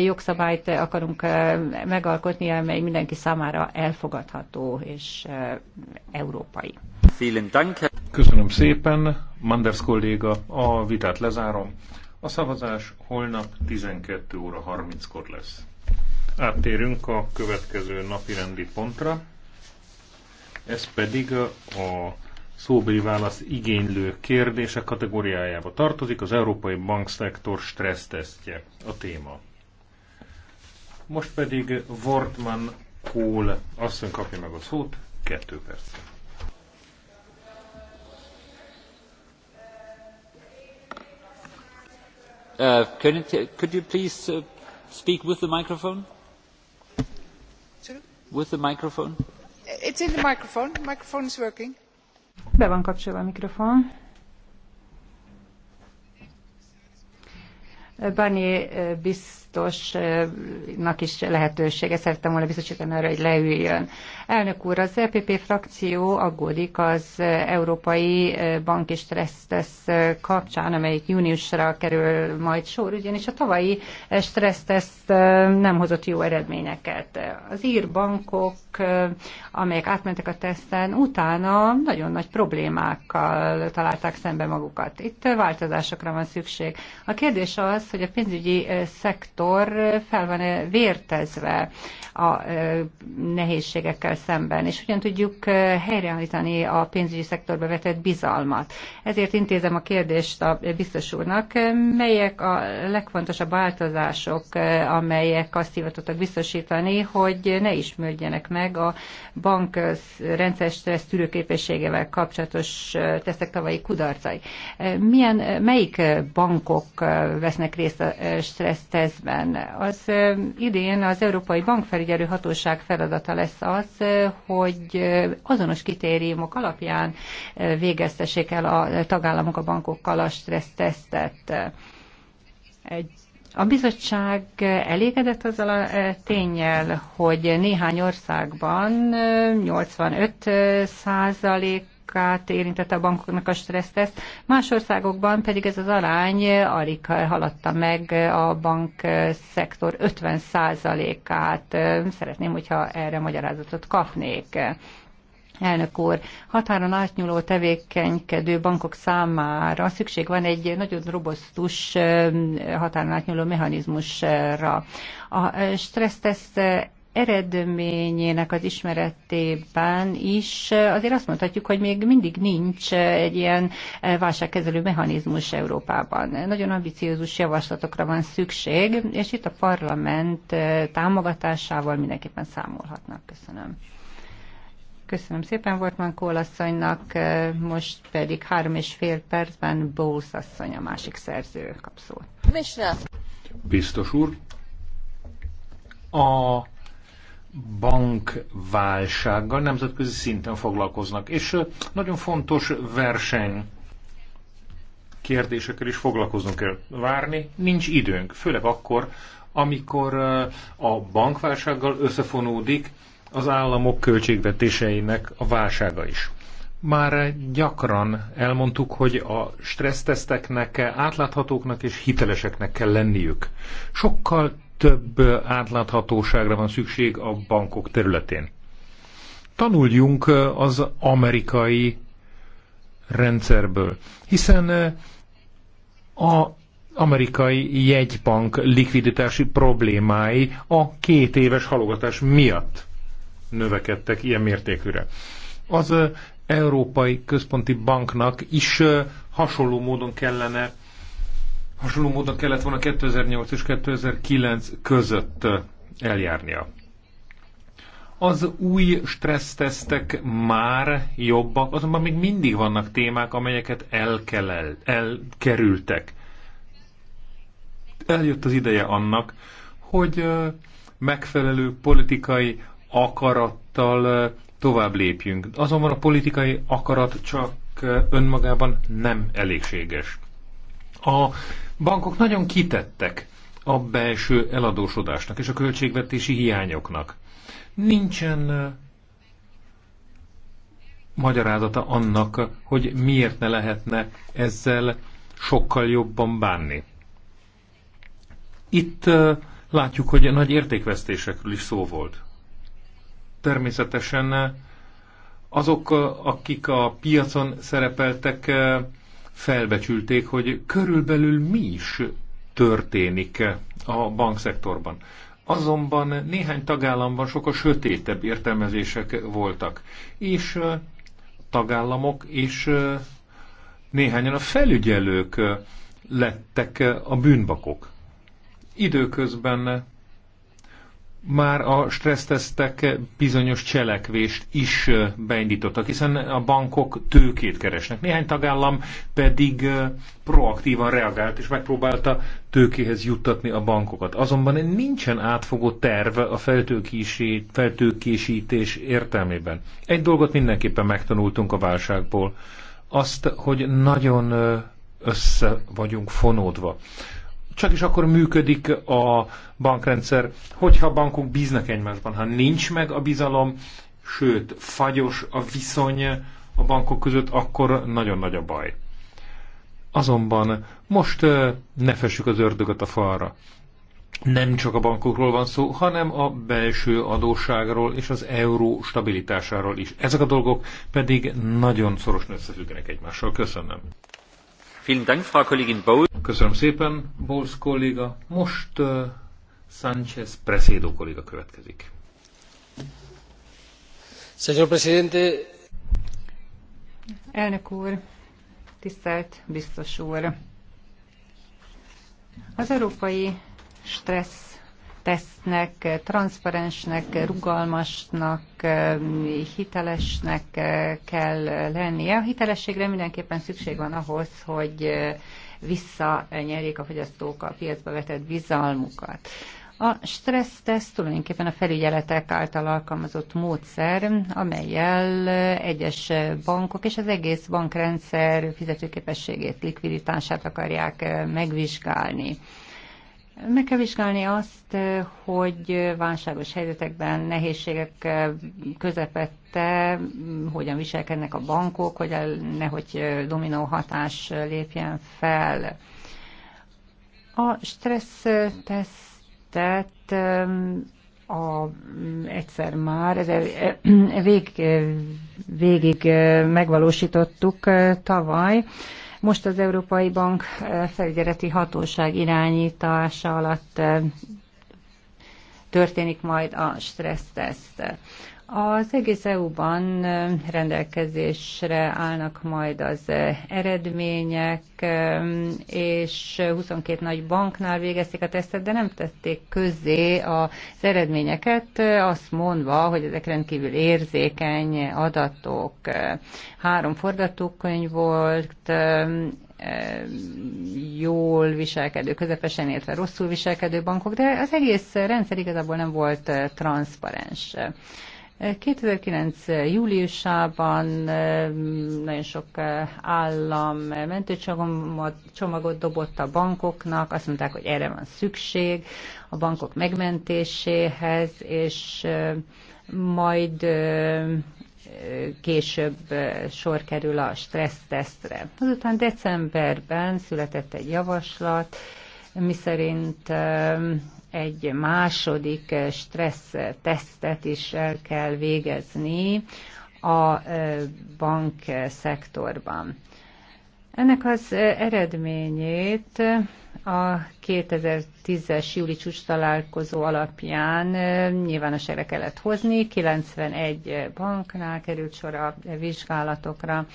jogszabályt akarunk megalkotni, amely mindenki számára elfogadható és európai. Köszönöm szépen, Manders kolléga, a vitát lezárom. A szavazás holnap 12 óra 30-kor lesz. Áttérünk a következő napi rendi pontra, ez pedig a szóbeli válasz igénylő kérdések kategóriájába tartozik, az Európai Bankszektor stressztesztje a téma. Most pedig Wortman Kohl asszony kapja meg a szót, kettő perc. Uh, could, it, could you please uh, speak with the microphone? Sorry? With the microphone? It's in the microphone. The microphone is working. Be van kapcsolva a mikrofon. Barnier uh, biztos biztosnak is lehetősége. Szerettem volna biztosítani arra, hogy leüljön. Elnök úr, az EPP frakció aggódik az Európai Banki Stressztesz kapcsán, amelyik júniusra kerül majd sor, ugyanis a tavalyi stressztesz nem hozott jó eredményeket. Az ír bankok, amelyek átmentek a teszten, utána nagyon nagy problémákkal találták szembe magukat. Itt változásokra van szükség. A kérdés az, hogy a pénzügyi szektor szektor fel van -e vértezve a nehézségekkel szemben, és hogyan tudjuk helyreállítani a pénzügyi szektorba vetett bizalmat. Ezért intézem a kérdést a biztos úrnak, melyek a legfontosabb változások, amelyek azt hivatottak biztosítani, hogy ne ismerjenek meg a bank rendszer stressz tűrőképességével kapcsolatos tesztek tavalyi kudarcai. Milyen, melyik bankok vesznek részt a stressz évben. Az idén az Európai Bankfelügyelő Hatóság feladata lesz az, hogy azonos kritériumok alapján végeztessék el a tagállamok a bankokkal a stressztesztet. Egy a bizottság elégedett azzal a tényel, hogy néhány országban 85 százalék bankokat érintette a bankoknak a stresszteszt, más országokban pedig ez az arány alig haladta meg a szektor 50%-át. Szeretném, hogyha erre magyarázatot kapnék. Elnök úr, határon átnyúló tevékenykedő bankok számára szükség van egy nagyon robosztus határon átnyúló mechanizmusra. A stressztesz eredményének az ismeretében is azért azt mondhatjuk, hogy még mindig nincs egy ilyen válságkezelő mechanizmus Európában. Nagyon ambiciózus javaslatokra van szükség, és itt a parlament támogatásával mindenképpen számolhatnak. Köszönöm. Köszönöm szépen Wortmann Kólasszonynak, most pedig három és fél percben Bowles asszony a másik szerző kap szót. Biztos úr, a bankválsággal nemzetközi szinten foglalkoznak, és nagyon fontos verseny kérdésekkel is foglalkoznunk kell. Várni nincs időnk, főleg akkor, amikor a bankválsággal összefonódik az államok költségvetéseinek a válsága is. Már gyakran elmondtuk, hogy a stresszteszteknek átláthatóknak és hiteleseknek kell lenniük. Sokkal több átláthatóságra van szükség a bankok területén. Tanuljunk az amerikai rendszerből, hiszen a amerikai jegybank likviditási problémái a két éves halogatás miatt növekedtek ilyen mértékűre. Az Európai Központi Banknak is hasonló módon kellene hasonló módon kellett volna 2008 és 2009 között eh, eljárnia. Az új stressztesztek már jobbak, azonban még mindig vannak témák, amelyeket elkelel, elkerültek. Eljött az ideje annak, hogy eh, megfelelő politikai akarattal eh, tovább lépjünk. Azonban a politikai akarat csak önmagában nem elégséges. A bankok nagyon kitettek a belső eladósodásnak és a költségvetési hiányoknak. Nincsen magyarázata annak, hogy miért ne lehetne ezzel sokkal jobban bánni. Itt látjuk, hogy nagy értékvesztésekről is szó volt. Természetesen azok, akik a piacon szerepeltek, felbecsülték, hogy körülbelül mi is történik a bankszektorban. Azonban néhány tagállamban sokkal sötétebb értelmezések voltak, és tagállamok és néhányan a felügyelők lettek a bűnbakok. Időközben már a stressztesztek bizonyos cselekvést is beindítottak, hiszen a bankok tőkét keresnek. Néhány tagállam pedig proaktívan reagált és megpróbálta tőkéhez juttatni a bankokat. Azonban nincsen átfogó terv a feltőkésítés értelmében. Egy dolgot mindenképpen megtanultunk a válságból, azt, hogy nagyon össze vagyunk fonódva csak is akkor működik a bankrendszer, hogyha a bankok bíznak egymásban. Ha nincs meg a bizalom, sőt, fagyos a viszony a bankok között, akkor nagyon nagy a baj. Azonban most ne fessük az ördögöt a falra. Nem csak a bankokról van szó, hanem a belső adósságról és az euró stabilitásáról is. Ezek a dolgok pedig nagyon szorosan összefüggenek egymással. Köszönöm. Köszönöm szépen, Bowles kolléga. Most uh, Sánchez Presedo kolléga következik. Señor presidente. Elnök úr, tisztelt biztos úr. Az európai stressz tesznek, transzparensnek, rugalmasnak, hitelesnek kell lennie. A hitelességre mindenképpen szükség van ahhoz, hogy visszanyerjék a fogyasztók a piacba vetett bizalmukat. A stressztest tulajdonképpen a felügyeletek által alkalmazott módszer, amelyel egyes bankok és az egész bankrendszer fizetőképességét, likviditását akarják megvizsgálni. Meg kell vizsgálni azt, hogy válságos helyzetekben, nehézségek közepette, hogyan viselkednek a bankok, hogy nehogy dominó hatás lépjen fel. A stressz tesztet a, egyszer már, ez e- vég, végig megvalósítottuk tavaly. Most az Európai Bank eh, felügyeleti hatóság irányítása alatt eh, történik majd a stresszteszt. Az egész EU-ban rendelkezésre állnak majd az eredmények, és 22 nagy banknál végezték a tesztet, de nem tették közzé az eredményeket, azt mondva, hogy ezek rendkívül érzékeny adatok. Három fordatókönyv volt, jól viselkedő, közepesen értve rosszul viselkedő bankok, de az egész rendszer igazából nem volt transzparens. 2009. júliusában eh, nagyon sok eh, állam eh, mentőcsomagot csomagot dobott a bankoknak, azt mondták, hogy erre van szükség a bankok megmentéséhez, és majd később sor kerül a stressztesztre. Azután decemberben született egy javaslat, miszerint um, egy második stressz tesztet is el kell végezni a uh, bank szektorban. Ennek az uh, eredményét uh, a 2010-es júli csúcs találkozó alapján nyilvánosságra kellett hozni, 91 banknál került sor a vizsgálatokra.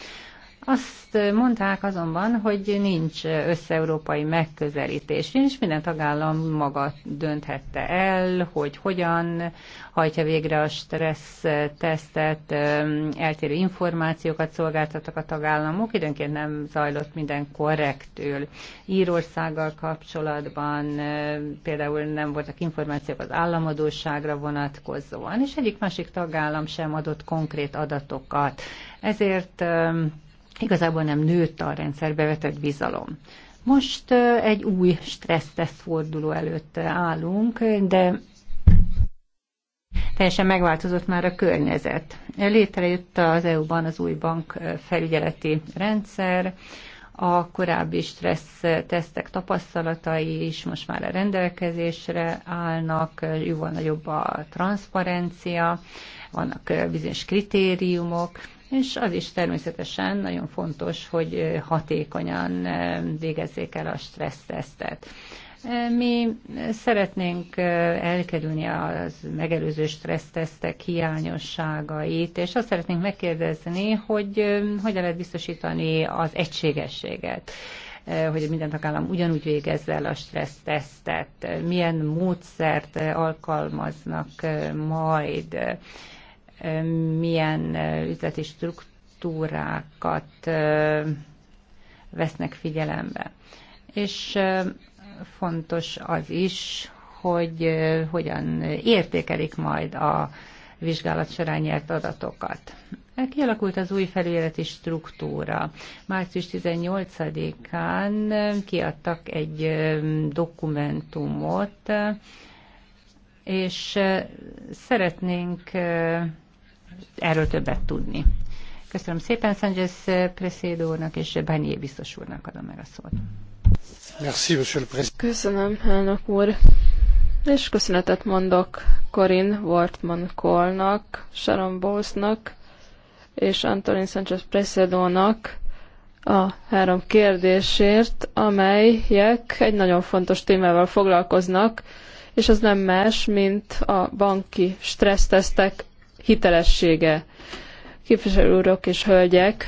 Azt mondták azonban, hogy nincs összeurópai megközelítés, és minden tagállam maga dönthette el, hogy hogyan hajtja végre a stressz tesztet, eltérő információkat szolgáltattak a tagállamok, időnként nem zajlott minden korrektül. Írországgal kapcsolatban például nem voltak információk az államadóságra vonatkozóan, és egyik másik tagállam sem adott konkrét adatokat. Ezért igazából nem nőtt a rendszerbe vetett bizalom. Most egy új stressztesz forduló előtt állunk, de teljesen megváltozott már a környezet. Létrejött az EU-ban az új bank felügyeleti rendszer, a korábbi stressz tesztek tapasztalatai is most már a rendelkezésre állnak, jóval nagyobb a transzparencia, vannak bizonyos kritériumok, és az is természetesen nagyon fontos, hogy hatékonyan végezzék el a stressztesztet. Mi szeretnénk elkerülni az megelőző stressztesztek hiányosságait, és azt szeretnénk megkérdezni, hogy hogyan lehet biztosítani az egységességet hogy minden tagállam ugyanúgy végezze el a stressztesztet, milyen módszert alkalmaznak majd, milyen üzleti struktúrákat vesznek figyelembe. És fontos az is, hogy hogyan értékelik majd a vizsgálat során nyert adatokat. Kialakult az új felületi struktúra. Március 18-án kiadtak egy dokumentumot, és szeretnénk erről többet tudni. Köszönöm szépen Sanchez Presedo úrnak és Bányé biztos úrnak adom meg a szót. Merci, Köszönöm, elnök úr. És köszönetet mondok Corin Wortman Kolnak, Sharon Bosznak és Antonin Sanchez Presedónak a három kérdésért, amelyek egy nagyon fontos témával foglalkoznak, és az nem más, mint a banki stressztesztek hitelessége. Képviselő urak és hölgyek,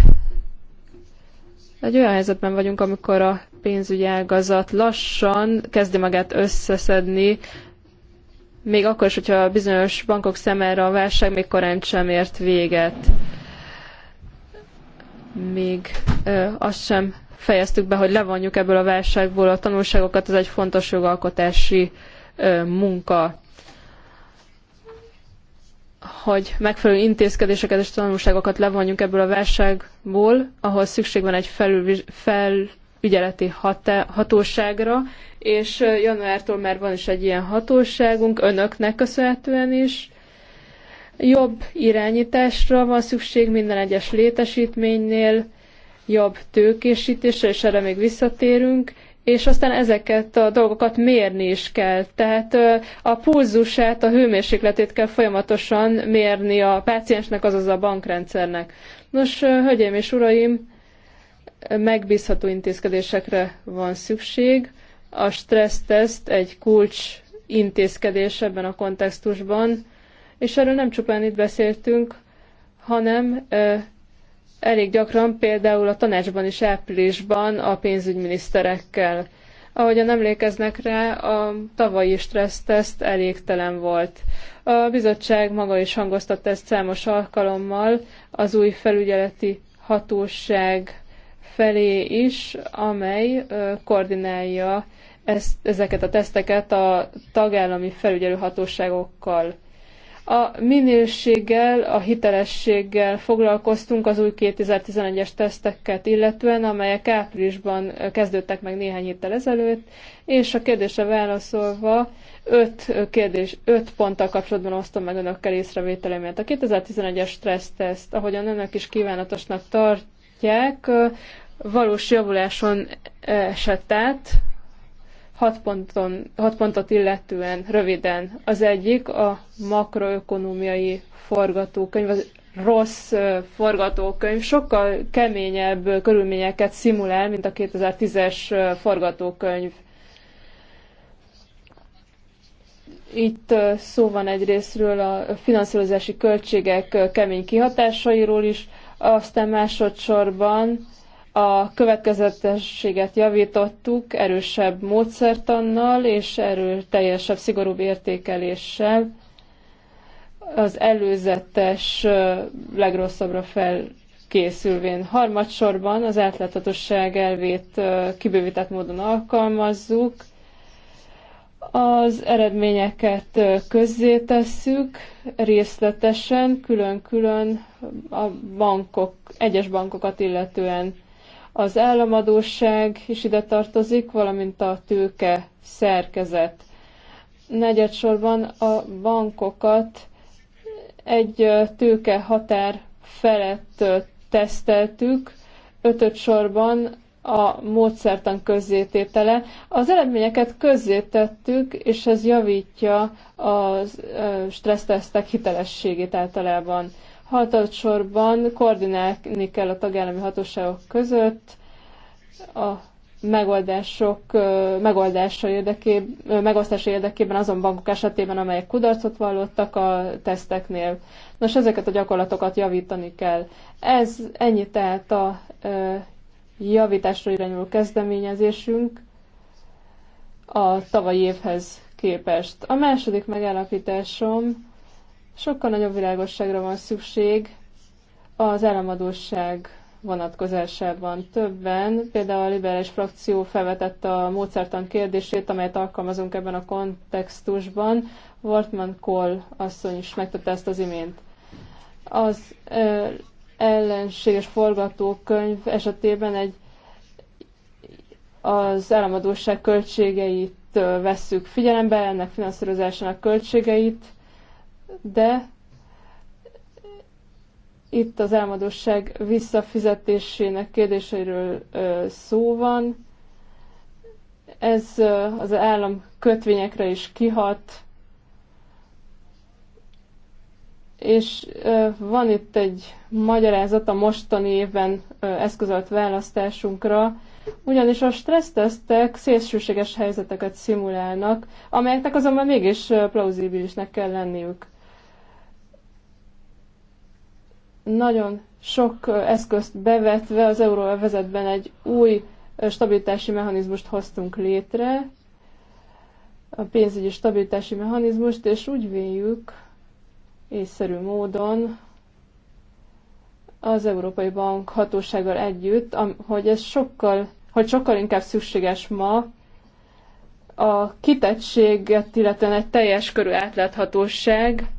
egy olyan helyzetben vagyunk, amikor a pénzügyi ágazat lassan kezdi magát összeszedni, még akkor is, hogyha a bizonyos bankok szemére a válság még korán sem ért véget. Még ö, azt sem fejeztük be, hogy levonjuk ebből a válságból a tanulságokat, ez egy fontos jogalkotási ö, munka hogy megfelelő intézkedéseket és tanulságokat levonjunk ebből a válságból, ahol szükség van egy felügyeleti hatóságra, és januártól már van is egy ilyen hatóságunk, önöknek köszönhetően is. Jobb irányításra van szükség minden egyes létesítménynél, jobb tőkésítésre, és erre még visszatérünk, és aztán ezeket a dolgokat mérni is kell. Tehát a pulzusát, a hőmérsékletét kell folyamatosan mérni a páciensnek, azaz a bankrendszernek. Nos, hölgyeim és uraim, megbízható intézkedésekre van szükség. A stresszteszt egy kulcs intézkedés ebben a kontextusban, és erről nem csupán itt beszéltünk, hanem elég gyakran, például a tanácsban is áprilisban a pénzügyminiszterekkel. Ahogyan emlékeznek rá, a tavalyi stresszteszt elégtelen volt. A bizottság maga is hangoztatta ezt számos alkalommal az új felügyeleti hatóság felé is, amely koordinálja ezt, ezeket a teszteket a tagállami felügyelő hatóságokkal. A minőséggel, a hitelességgel foglalkoztunk az új 2011-es teszteket illetően, amelyek áprilisban kezdődtek meg néhány héttel ezelőtt, és a kérdésre válaszolva öt, kérdés, öt ponttal kapcsolatban osztom meg önökkel észrevételemet. A 2011-es stresszteszt, ahogyan önök is kívánatosnak tartják, valós javuláson esett át Hat, ponton, hat pontot illetően röviden. Az egyik a makroökonómiai forgatókönyv, az rossz forgatókönyv sokkal keményebb körülményeket szimulál, mint a 2010-es forgatókönyv. Itt szó van egyrésztről a finanszírozási költségek kemény kihatásairól is, aztán másodszorban a következetességet javítottuk erősebb módszertannal és erőteljesebb, szigorúbb értékeléssel az előzetes legrosszabbra felkészülvén. Harmadsorban az átláthatóság elvét kibővített módon alkalmazzuk, az eredményeket közzétesszük részletesen, külön-külön a bankok, egyes bankokat illetően az államadóság is ide tartozik, valamint a tőke szerkezet. Negyedsorban a bankokat egy tőke határ felett teszteltük, ötöd sorban a módszertan közzététele. Az eredményeket közzétettük, és ez javítja a stressztesztek hitelességét általában. Hatadsorban koordinálni kell a tagállami hatóságok között a megoldások megoldása érdekében, megosztása érdekében azon bankok esetében, amelyek kudarcot vallottak a teszteknél. Nos, ezeket a gyakorlatokat javítani kell. Ez ennyi tehát a javításra irányuló kezdeményezésünk a tavalyi évhez képest. A második megállapításom Sokkal nagyobb világosságra van szükség az államadóság vonatkozásában. Többen, például a liberális frakció felvetette a módszertan kérdését, amelyet alkalmazunk ebben a kontextusban. Wortmann Kohl asszony is megtette ezt az imént. Az ö, ellenséges forgatókönyv esetében egy az államadóság költségeit vesszük figyelembe, ennek finanszírozásának költségeit, de itt az álmodosság visszafizetésének kérdéseiről szó van. Ez az állam kötvényekre is kihat, és van itt egy magyarázat a mostani évben eszközölt választásunkra, ugyanis a stressztesztek szélsőséges helyzeteket szimulálnak, amelyeknek azonban mégis plauzibilisnek kell lenniük. nagyon sok eszközt bevetve az euróvezetben egy új stabilitási mechanizmust hoztunk létre, a pénzügyi stabilitási mechanizmust, és úgy véljük észszerű módon az Európai Bank hatósággal együtt, hogy ez sokkal, hogy sokkal inkább szükséges ma a kitettséget, illetve egy teljes körű átláthatóság,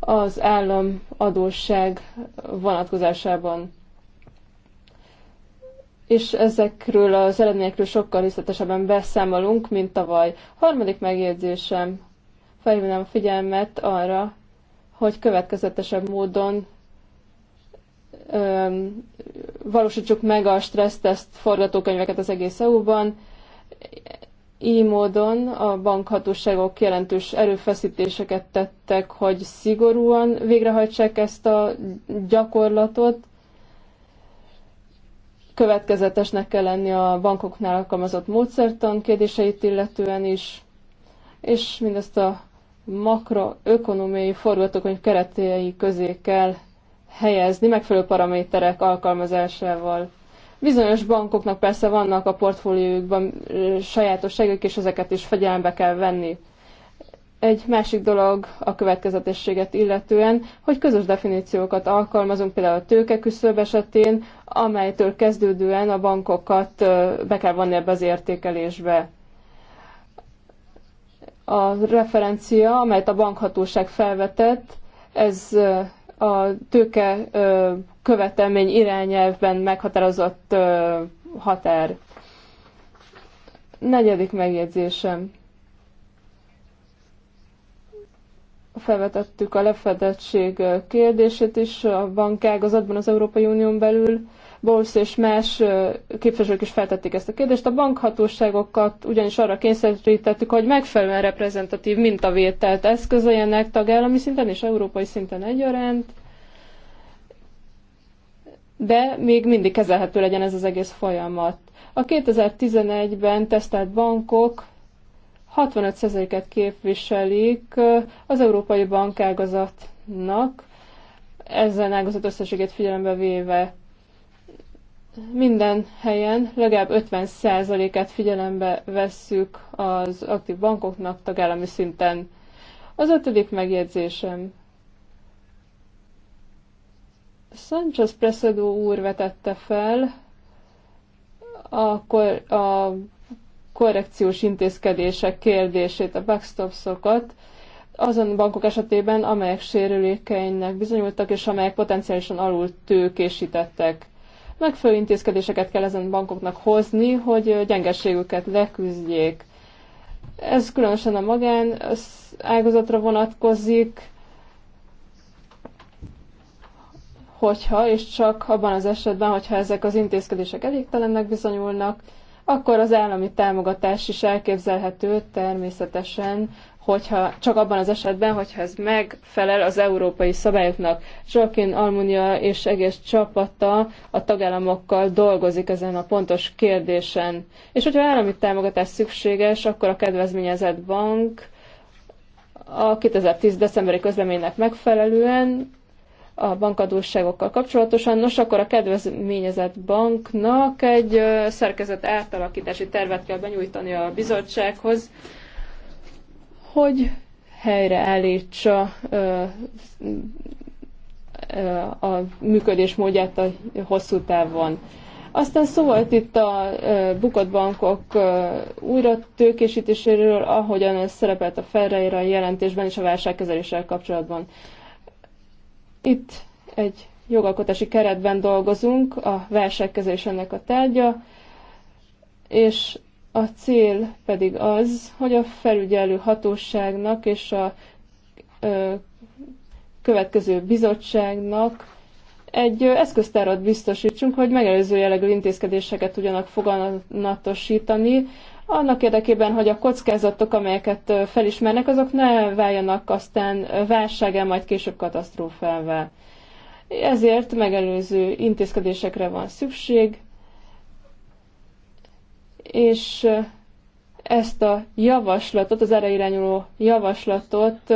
az állam adósság vonatkozásában. És ezekről az eredményekről sokkal részletesebben beszámolunk, mint tavaly. Harmadik megjegyzésem, felhívnám a figyelmet arra, hogy következetesebb módon öm, valósítsuk meg a stresszteszt forgatókönyveket az egész EU-ban. Így módon a bankhatóságok jelentős erőfeszítéseket tettek, hogy szigorúan végrehajtsák ezt a gyakorlatot. Következetesnek kell lenni a bankoknál alkalmazott módszertan kérdéseit illetően is, és mindezt a makroökonomiai forgatókönyv keretei közé kell helyezni megfelelő paraméterek alkalmazásával. Bizonyos bankoknak persze vannak a portfóliójukban sajátosságok, és ezeket is fegyelembe kell venni. Egy másik dolog a következetességet illetően, hogy közös definíciókat alkalmazunk, például a tőkeküszöb esetén, amelytől kezdődően a bankokat be kell vonni ebbe az értékelésbe. A referencia, amelyet a bankhatóság felvetett, ez a tőke követelmény irányelvben meghatározott határ. Negyedik megjegyzésem. Felvetettük a lefedettség kérdését is a bankágazatban az Európai Unión belül Bowles és más képviselők is feltették ezt a kérdést. A bankhatóságokat ugyanis arra kényszerítettük, hogy megfelelően reprezentatív mintavételt eszközöljenek tagállami szinten és európai szinten egyaránt, de még mindig kezelhető legyen ez az egész folyamat. A 2011-ben tesztelt bankok 65%-et képviselik az európai bankágazatnak, ezen ágazat összességét figyelembe véve minden helyen legalább 50%-át figyelembe vesszük az aktív bankoknak tagállami szinten. Az ötödik megjegyzésem. Sanchez Presedo úr vetette fel a, kor- a korrekciós intézkedések kérdését, a backstopsokat, azon bankok esetében, amelyek sérülékeinek bizonyultak, és amelyek potenciálisan alul tőkésítettek. Megfelelő intézkedéseket kell ezen bankoknak hozni, hogy gyengességüket leküzdjék. Ez különösen a magán ágazatra vonatkozik, hogyha és csak abban az esetben, hogyha ezek az intézkedések elégtelennek bizonyulnak, akkor az állami támogatás is elképzelhető természetesen hogyha csak abban az esetben, hogyha ez megfelel az európai szabályoknak. Joaquin Almunia és egész csapata a tagállamokkal dolgozik ezen a pontos kérdésen. És hogyha állami támogatás szükséges, akkor a kedvezményezett bank a 2010. decemberi közleménynek megfelelően a bankadósságokkal kapcsolatosan. Nos, akkor a kedvezményezett banknak egy szerkezet átalakítási tervet kell benyújtani a bizottsághoz, hogy helyreállítsa a működésmódját a hosszú távon. Aztán szó volt itt a bukott bankok újra tőkésítéséről, ahogyan ez szerepelt a Ferreira jelentésben és a válságkezeléssel kapcsolatban. Itt egy jogalkotási keretben dolgozunk, a válságkezelés ennek a tárgya, és a cél pedig az, hogy a felügyelő hatóságnak és a ö, következő bizottságnak egy eszköztárat biztosítsunk, hogy megelőző jellegű intézkedéseket tudjanak foganatosítani, annak érdekében, hogy a kockázatok, amelyeket felismernek, azok ne váljanak aztán válságá, majd később katasztrófává. Ezért megelőző intézkedésekre van szükség, és ezt a javaslatot, az erre irányuló javaslatot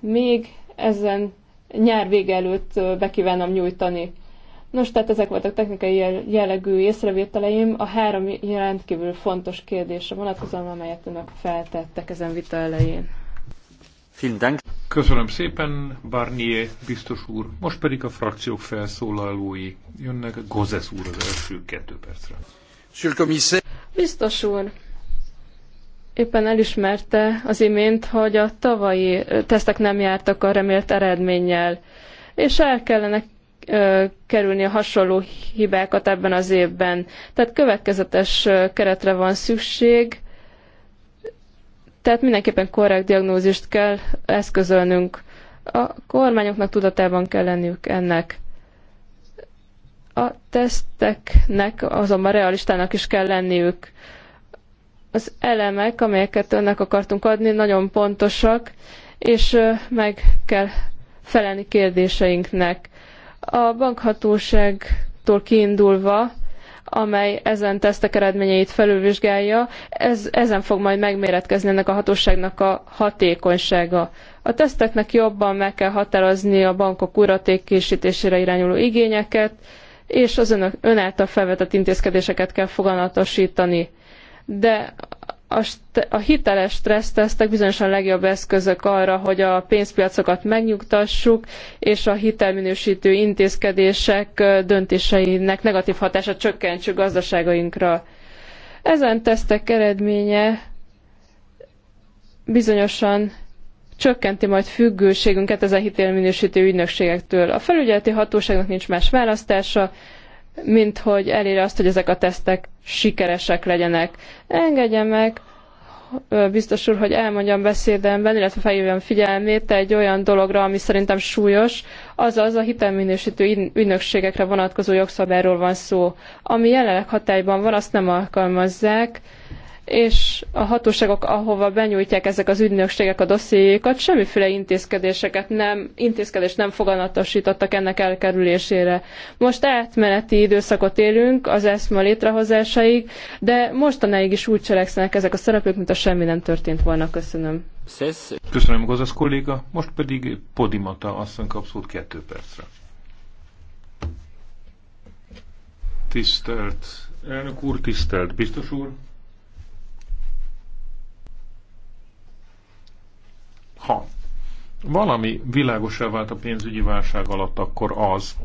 még ezen nyár vége előtt bekívánom nyújtani. Nos, tehát ezek voltak technikai jellegű észrevételeim a három rendkívül fontos kérdésre vonatkozóan, amelyet önök feltettek ezen vita elején. Köszönöm szépen, Barnier biztos úr. Most pedig a frakciók felszólalói jönnek. Gozes úr az első kettő percre. Biztos úr, éppen elismerte az imént, hogy a tavalyi tesztek nem jártak a remélt eredménnyel, és el kellene kerülni a hasonló hibákat ebben az évben. Tehát következetes keretre van szükség, tehát mindenképpen korrekt diagnózist kell eszközölnünk. A kormányoknak tudatában kell lenniük ennek. A teszteknek azonban realistának is kell lenniük. Az elemek, amelyeket önnek akartunk adni, nagyon pontosak, és meg kell felelni kérdéseinknek. A bankhatóságtól kiindulva, amely ezen tesztek eredményeit felülvizsgálja, ez, ezen fog majd megméretkezni ennek a hatóságnak a hatékonysága. A teszteknek jobban meg kell határozni a bankok uratékésítésére irányuló igényeket, és az önök, ön által felvetett intézkedéseket kell foganatosítani. De a, a hiteles stressztesztek bizonyosan legjobb eszközök arra, hogy a pénzpiacokat megnyugtassuk, és a hitelminősítő intézkedések döntéseinek negatív hatását csökkentsük gazdaságainkra. Ezen tesztek eredménye bizonyosan csökkenti majd függőségünket ezen hitelminősítő ügynökségektől. A felügyeleti hatóságnak nincs más választása, mint hogy elérje azt, hogy ezek a tesztek sikeresek legyenek. Engedje meg, biztos úr, hogy elmondjam beszédemben, illetve felhívjam figyelmét egy olyan dologra, ami szerintem súlyos, azaz a hitelminősítő ügynökségekre vonatkozó jogszabályról van szó. Ami jelenleg hatályban van, azt nem alkalmazzák, és a hatóságok, ahova benyújtják ezek az ügynökségek a dossziékat, semmiféle intézkedéseket nem, intézkedést nem foganatosítottak ennek elkerülésére. Most átmeneti időszakot élünk az eszma létrehozásaig, de mostanáig is úgy cselekszenek ezek a szereplők, mint a semmi nem történt volna. Köszönöm. Köszönöm, Gozasz kolléga. Most pedig Podimata asszony kap szót kettő percre. Tisztelt elnök úr, tisztelt biztos úr, Ha valami világosá vált a pénzügyi válság alatt, akkor az,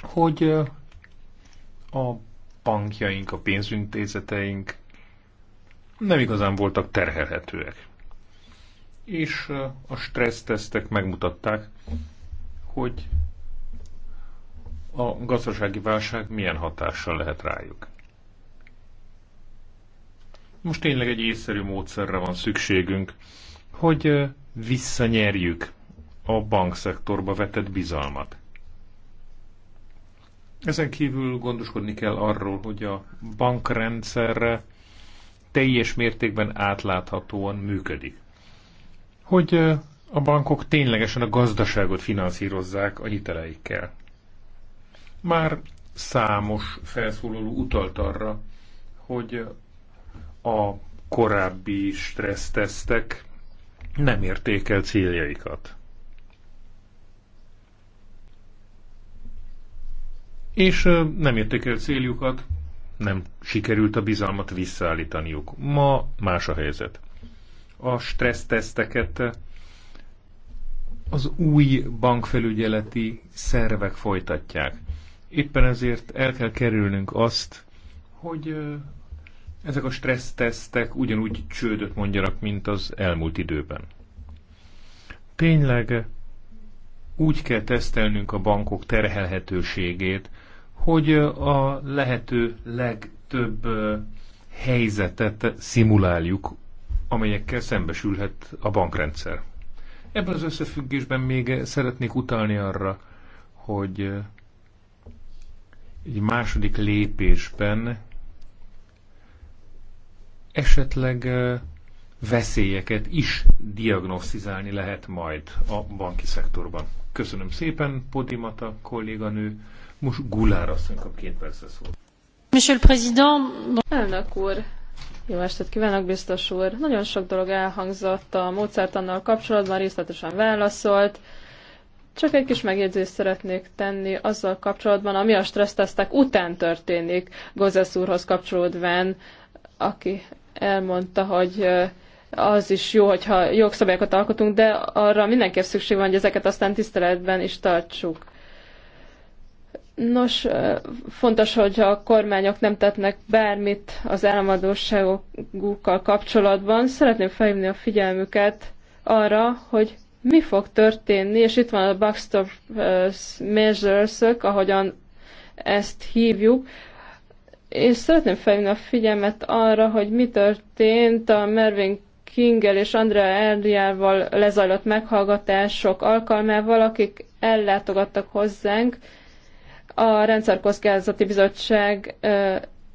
hogy a bankjaink, a pénzintézeteink nem igazán voltak terhelhetőek. És a stressztesztek megmutatták, hogy a gazdasági válság milyen hatással lehet rájuk. Most tényleg egy észszerű módszerre van szükségünk, hogy visszanyerjük a bankszektorba vetett bizalmat. Ezen kívül gondoskodni kell arról, hogy a bankrendszerre teljes mértékben átláthatóan működik. Hogy a bankok ténylegesen a gazdaságot finanszírozzák a hiteleikkel. Már számos felszólaló utalt arra, hogy a korábbi stressztesztek nem érték el céljaikat. És nem érték el céljukat, nem sikerült a bizalmat visszaállítaniuk. Ma más a helyzet. A stresszteszteket az új bankfelügyeleti szervek folytatják. Éppen ezért el kell kerülnünk azt, hogy ezek a stressztesztek ugyanúgy csődöt mondjanak, mint az elmúlt időben. Tényleg úgy kell tesztelnünk a bankok terhelhetőségét, hogy a lehető legtöbb helyzetet szimuláljuk, amelyekkel szembesülhet a bankrendszer. Ebben az összefüggésben még szeretnék utalni arra, hogy egy második lépésben esetleg veszélyeket is diagnosztizálni lehet majd a banki szektorban. Köszönöm szépen, Podimata kolléganő. Most Gulár asszony kap két perce szót. Monsieur le Président, elnök úr, jó estét kívánok, biztos úr. Nagyon sok dolog elhangzott a módszertannal kapcsolatban, részletesen válaszolt. Csak egy kis megjegyzést szeretnék tenni azzal kapcsolatban, ami a stressztesztek után történik Gozesz úrhoz kapcsolódván, aki elmondta, hogy az is jó, hogyha jogszabályokat alkotunk, de arra mindenképp szükség van, hogy ezeket aztán tiszteletben is tartsuk. Nos, fontos, hogy a kormányok nem tettnek bármit az államadóságukkal kapcsolatban. Szeretném felhívni a figyelmüket arra, hogy mi fog történni, és itt van a backstop measures ahogyan ezt hívjuk, és szeretném felhívni a figyelmet arra, hogy mi történt a Mervin Kingel és Andrea Erdiával lezajlott meghallgatások alkalmával, akik ellátogattak hozzánk a Rendszerkockázati Bizottság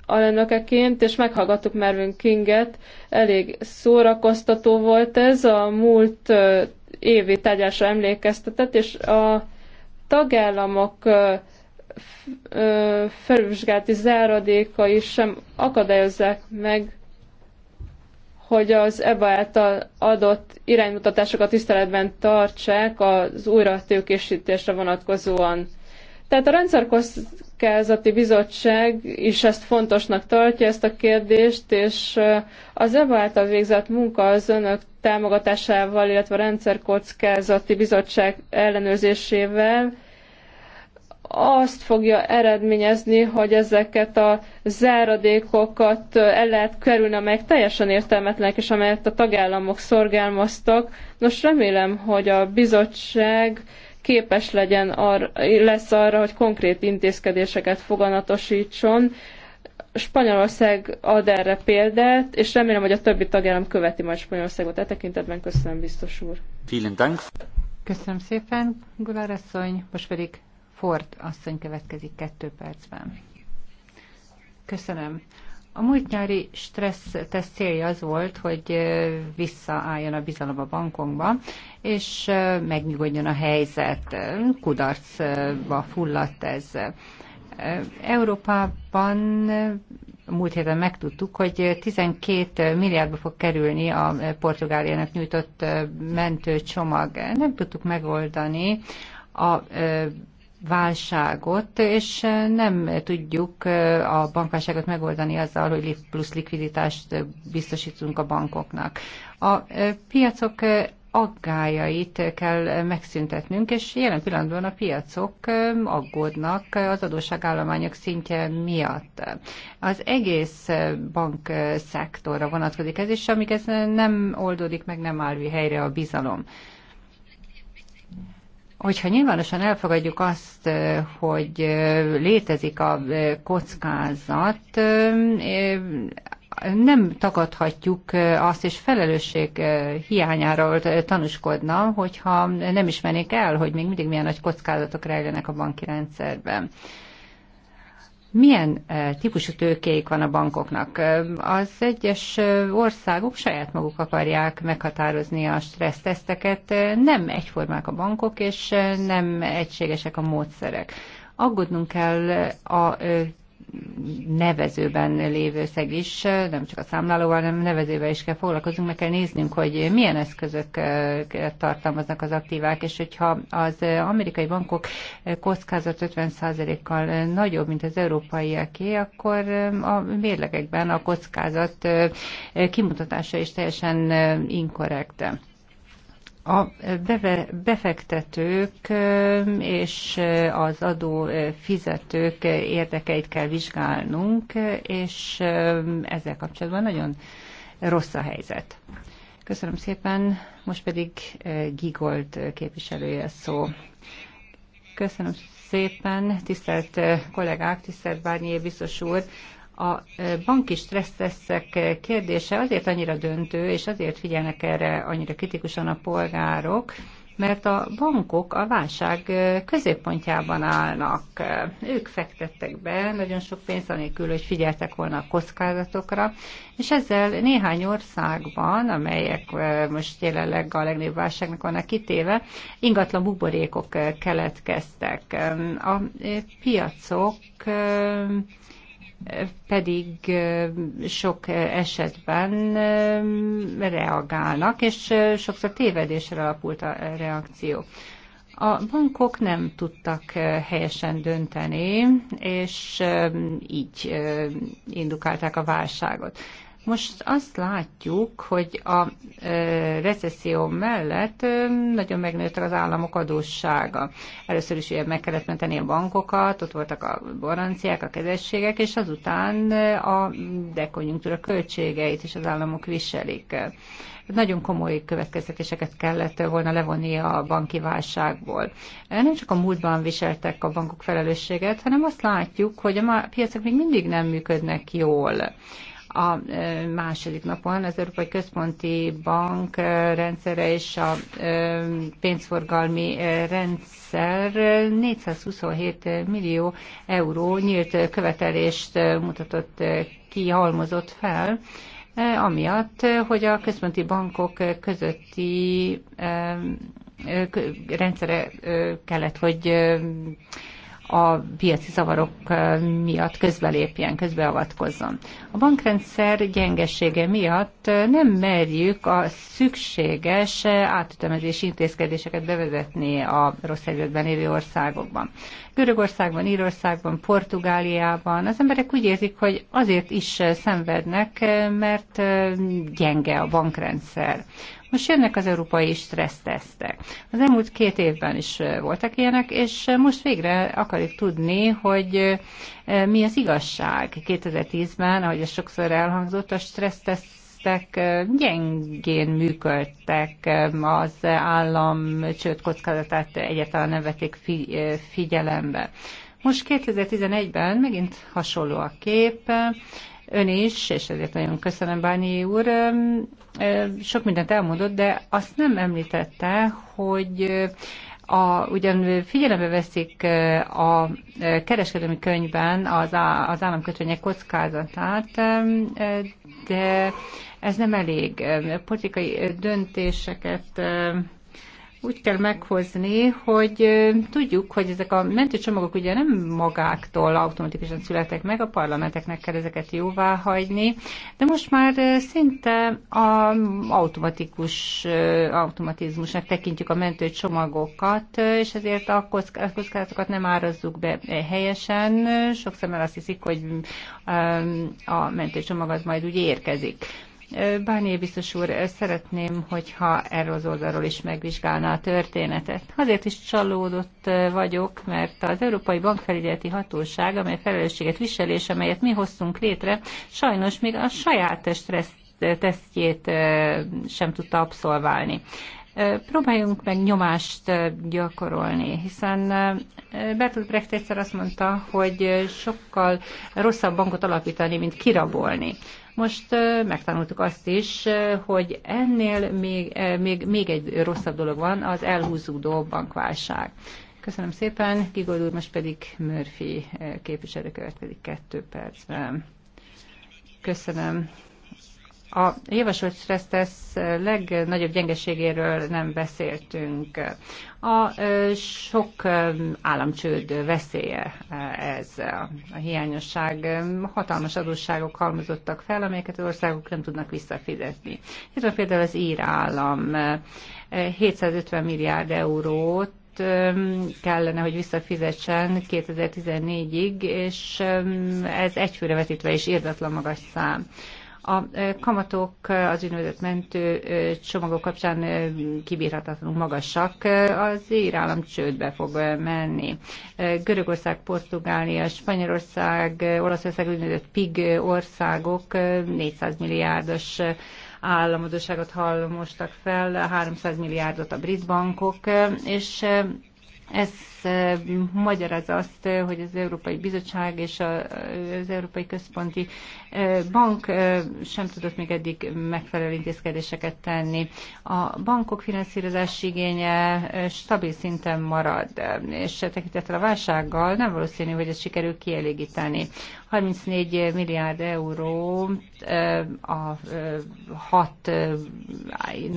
alelnökeként, és meghallgattuk Mervin Kinget. Elég szórakoztató volt ez, a múlt évi tárgyásra emlékeztetett, és a tagállamok felvizsgálati záradékai sem akadályozzák meg, hogy az EBA által adott iránymutatásokat tiszteletben tartsák az újra tőkésítésre vonatkozóan. Tehát a rendszerkockázati bizottság is ezt fontosnak tartja, ezt a kérdést, és az EBA által végzett munka az önök támogatásával, illetve a rendszerkockázati bizottság ellenőrzésével azt fogja eredményezni, hogy ezeket a záradékokat el lehet kerülni, amelyek teljesen értelmetlenek, és amelyet a tagállamok szorgalmaztak. Nos, remélem, hogy a bizottság képes legyen arra, lesz arra, hogy konkrét intézkedéseket foganatosítson. Spanyolország ad erre példát, és remélem, hogy a többi tagállam követi majd Spanyolországot. E tekintetben köszönöm, biztos úr. Köszönöm szépen, Gulár asszony. Most pedig Ford asszony következik kettő percben. Köszönöm. A múlt nyári stressz teszt célja az volt, hogy visszaálljon a bizalom a bankokba, és megnyugodjon a helyzet. Kudarcba fulladt ez. Európában múlt héten megtudtuk, hogy 12 milliárdba fog kerülni a Portugáliának nyújtott mentőcsomag. Nem tudtuk megoldani a válságot, és eh, nem tudjuk eh, a bankválságot megoldani azzal, hogy plusz likviditást eh, biztosítunk a bankoknak. A piacok aggájait kell megszüntetnünk, és jelen pillanatban a piacok aggódnak az adósságállományok szintje miatt. Az egész bank szektorra vonatkozik ez, és amíg ez nem oldódik meg, nem áll helyre a bizalom hogyha nyilvánosan elfogadjuk azt, hogy létezik a kockázat, nem tagadhatjuk azt, és felelősség hiányáról tanúskodna, hogyha nem ismernék el, hogy még mindig milyen nagy kockázatok rejlenek a banki rendszerben milyen típusú tőkéik van a bankoknak. Az egyes országok saját maguk akarják meghatározni a stresszteszteket, nem egyformák a bankok, és nem egységesek a módszerek. Aggódnunk kell a nevezőben lévő összeg is, nem csak a számlálóval, hanem nevezővel is kell foglalkozunk, meg kell néznünk, hogy milyen eszközök tartalmaznak az aktívák, és hogyha az amerikai bankok kockázat 50%-kal nagyobb, mint az európaiaké, akkor a mérlegekben a kockázat kimutatása is teljesen inkorrekt a befektetők és az adó fizetők érdekeit kell vizsgálnunk, és ezzel kapcsolatban nagyon rossz a helyzet. Köszönöm szépen, most pedig Gigold képviselője szó. Köszönöm szépen, tisztelt kollégák, tisztelt Bárnyi biztos úr a e, banki stresszeszek kérdése azért annyira döntő, és azért figyelnek erre annyira kritikusan a polgárok, mert a bankok a válság e, középpontjában állnak. Ők fektettek be nagyon sok pénzt, anélkül, hogy figyeltek volna a kockázatokra, és ezzel néhány országban, amelyek e, most jelenleg a legnagyobb válságnak vannak kitéve, ingatlan buborékok keletkeztek. A piacok pedig sok esetben reagálnak, és sokszor tévedésre alapult a reakció. A bankok nem tudtak helyesen dönteni, és így indukálták a válságot. Most azt látjuk, hogy a recesszió mellett nagyon megnőtt az államok adóssága. Először is ugye meg kellett menteni a bankokat, ott voltak a garanciák, a kezességek, és azután a dekonjunktúra költségeit is az államok viselik nagyon komoly következtetéseket kellett volna levonni a banki válságból. Nem csak a múltban viseltek a bankok felelősséget, hanem azt látjuk, hogy a piacok még mindig nem működnek jól. A második napon az Európai Központi Bank rendszere és a pénzforgalmi rendszer 427 millió euró nyílt követelést mutatott ki, halmozott fel, amiatt, hogy a központi bankok közötti rendszere kellett, hogy a piaci zavarok miatt közbelépjen, közbeavatkozzon. A bankrendszer gyengesége miatt nem merjük a szükséges átütemezési intézkedéseket bevezetni a rossz helyzetben élő országokban. Görögországban, Írországban, Portugáliában az emberek úgy érzik, hogy azért is szenvednek, mert gyenge a bankrendszer. Most jönnek az európai stressztesztek. Az elmúlt két évben is voltak ilyenek, és most végre akarjuk tudni, hogy mi az igazság. 2010-ben, ahogy ez sokszor elhangzott, a stresszteszt gyengén működtek, az állam csőd kockázatát egyáltalán nem vették fi, figyelembe. Most 2011-ben megint hasonló a kép, Ön is, és ezért nagyon köszönöm Bányi úr, sok mindent elmondott, de azt nem említette, hogy a, ugyan figyelembe veszik a kereskedelmi könyvben az, á, az államkötvények kockázatát, de ez nem elég. Politikai döntéseket úgy kell meghozni, hogy tudjuk, hogy ezek a mentőcsomagok ugye nem magáktól automatikusan születek meg, a parlamenteknek kell ezeket jóvá hagyni, de most már szinte a automatikus automatizmusnak tekintjük a mentőcsomagokat, és ezért a kockázatokat nem árazzuk be helyesen. Sokszor már azt hiszik, hogy a mentőcsomag az majd úgy érkezik. Bányé biztos úr, szeretném, hogyha erről az oldalról is megvizsgálná a történetet. Azért is csalódott vagyok, mert az Európai Bankfelügyeleti Hatóság, amely felelősséget visel, és amelyet mi hoztunk létre, sajnos még a saját stressz tesztjét sem tudta abszolválni próbáljunk meg nyomást gyakorolni, hiszen Bertolt Brecht egyszer azt mondta, hogy sokkal rosszabb bankot alapítani, mint kirabolni. Most megtanultuk azt is, hogy ennél még, még, még egy rosszabb dolog van, az elhúzódó bankválság. Köszönöm szépen, Gigold úr, most pedig Murphy képviselő következik kettő percben. Köszönöm. A javasolt stressztesz legnagyobb gyengeségéről nem beszéltünk. A sok államcsőd veszélye ez a hiányosság. Hatalmas adósságok halmozottak fel, amelyeket az országok nem tudnak visszafizetni. Itt van például az ír állam 750 milliárd eurót kellene, hogy visszafizetsen 2014-ig, és ez egyfőre vetítve is érdetlen magas szám. A e, kamatok az úgynevezett mentő e, csomagok kapcsán e, kibírhatatlanul magasak, az írállam csődbe fog menni. Görögország, Portugália, Spanyolország, Olaszország úgynevezett PIG országok 400 milliárdos államadóságot halmoztak fel, 300 milliárdot a brit bankok, és ez magyaraz azt, hogy az Európai Bizottság és az Európai Központi Bank sem tudott még eddig megfelelő intézkedéseket tenni. A bankok finanszírozási igénye stabil szinten marad, és e tekintettel a válsággal nem valószínű, hogy ezt sikerül kielégíteni. 34 milliárd euró a hat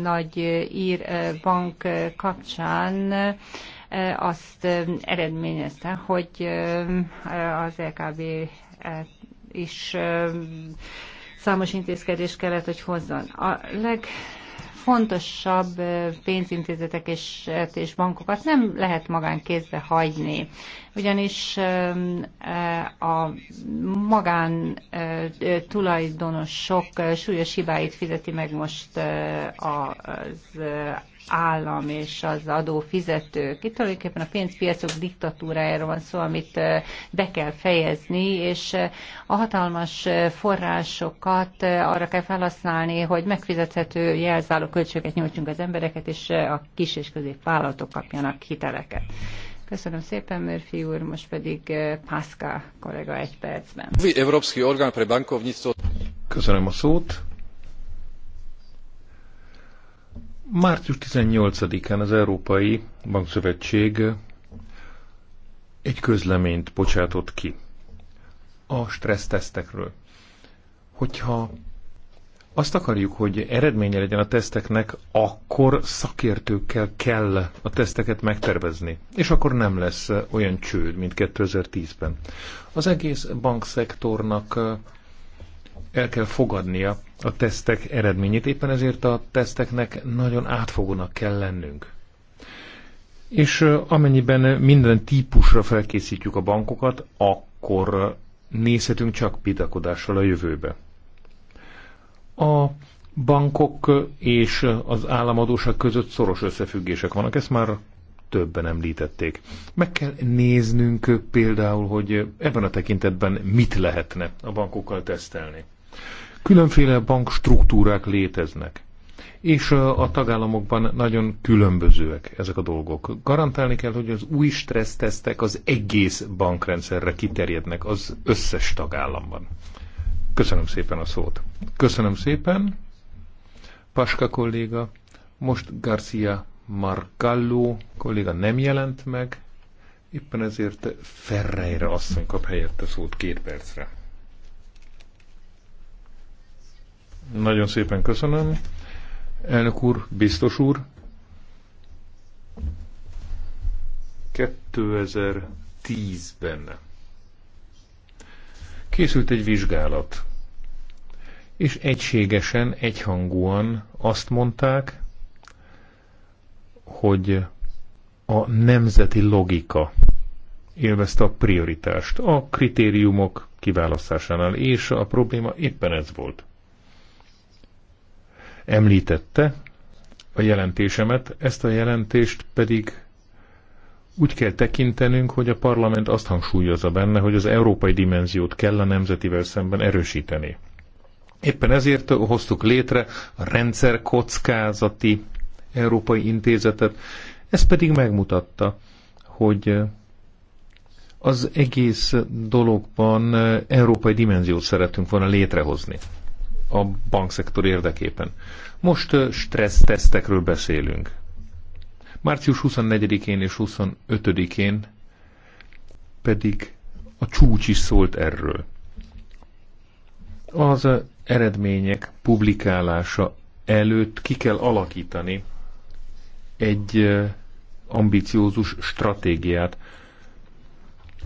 nagy ír bank kapcsán azt eredményezte, hogy az LKB is számos intézkedést kellett, hogy hozzon. A leg fontosabb pénzintézetek és, és bankokat nem lehet magánkézbe hagyni, ugyanis a magán tulajdonosok súlyos hibáit fizeti meg most az állam és az adófizetők. Itt tulajdonképpen a pénzpiacok diktatúrájáról van szó, amit be kell fejezni, és a hatalmas forrásokat arra kell felhasználni, hogy megfizethető jelzáló költségeket nyújtsunk az embereket, és a kis és középvállalatok kapjanak hiteleket. Köszönöm szépen, Murphy úr, most pedig Pászka kollega egy percben. Európai Orgán pre Bankovnictvo. Köszönöm a szót. Március 18-án az Európai Bankszövetség egy közleményt bocsátott ki a stressztesztekről. Hogyha azt akarjuk, hogy eredménye legyen a teszteknek, akkor szakértőkkel kell a teszteket megtervezni. És akkor nem lesz olyan csőd, mint 2010-ben. Az egész bankszektornak el kell fogadnia a tesztek eredményét. Éppen ezért a teszteknek nagyon átfogónak kell lennünk. És amennyiben minden típusra felkészítjük a bankokat, akkor nézhetünk csak pitakodással a jövőbe. A bankok és az államadóság között szoros összefüggések vannak, ezt már többen említették. Meg kell néznünk például, hogy ebben a tekintetben mit lehetne a bankokkal tesztelni. Különféle bankstruktúrák léteznek, és a tagállamokban nagyon különbözőek ezek a dolgok. Garantálni kell, hogy az új stressztesztek az egész bankrendszerre kiterjednek az összes tagállamban. Köszönöm szépen a szót. Köszönöm szépen, Paska kolléga, most Garcia Markallu kolléga nem jelent meg, éppen ezért Ferreira asszony kap helyette szót két percre. Nagyon szépen köszönöm. Elnök úr, biztos úr, 2010-ben készült egy vizsgálat, és egységesen, egyhangúan azt mondták, hogy a nemzeti logika élvezte a prioritást a kritériumok kiválasztásánál, és a probléma éppen ez volt. Említette a jelentésemet, ezt a jelentést pedig úgy kell tekintenünk, hogy a parlament azt hangsúlyozza benne, hogy az európai dimenziót kell a nemzetivel szemben erősíteni. Éppen ezért hoztuk létre a kockázati Európai Intézetet. Ez pedig megmutatta, hogy az egész dologban európai dimenziót szeretünk volna létrehozni a bankszektor érdekében. Most stressztesztekről beszélünk. Március 24-én és 25-én pedig a csúcs is szólt erről. Az eredmények publikálása előtt ki kell alakítani egy ambiciózus stratégiát.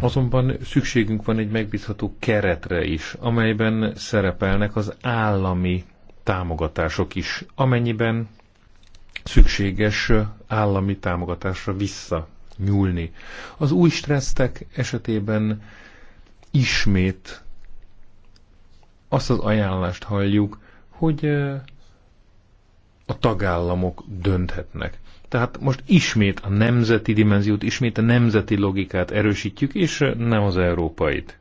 Azonban szükségünk van egy megbízható keretre is, amelyben szerepelnek az állami támogatások is, amennyiben szükséges állami támogatásra vissza nyúlni. Az új stressztek esetében ismét azt az ajánlást halljuk, hogy a tagállamok dönthetnek. Tehát most ismét a nemzeti dimenziót, ismét a nemzeti logikát erősítjük, és nem az európait.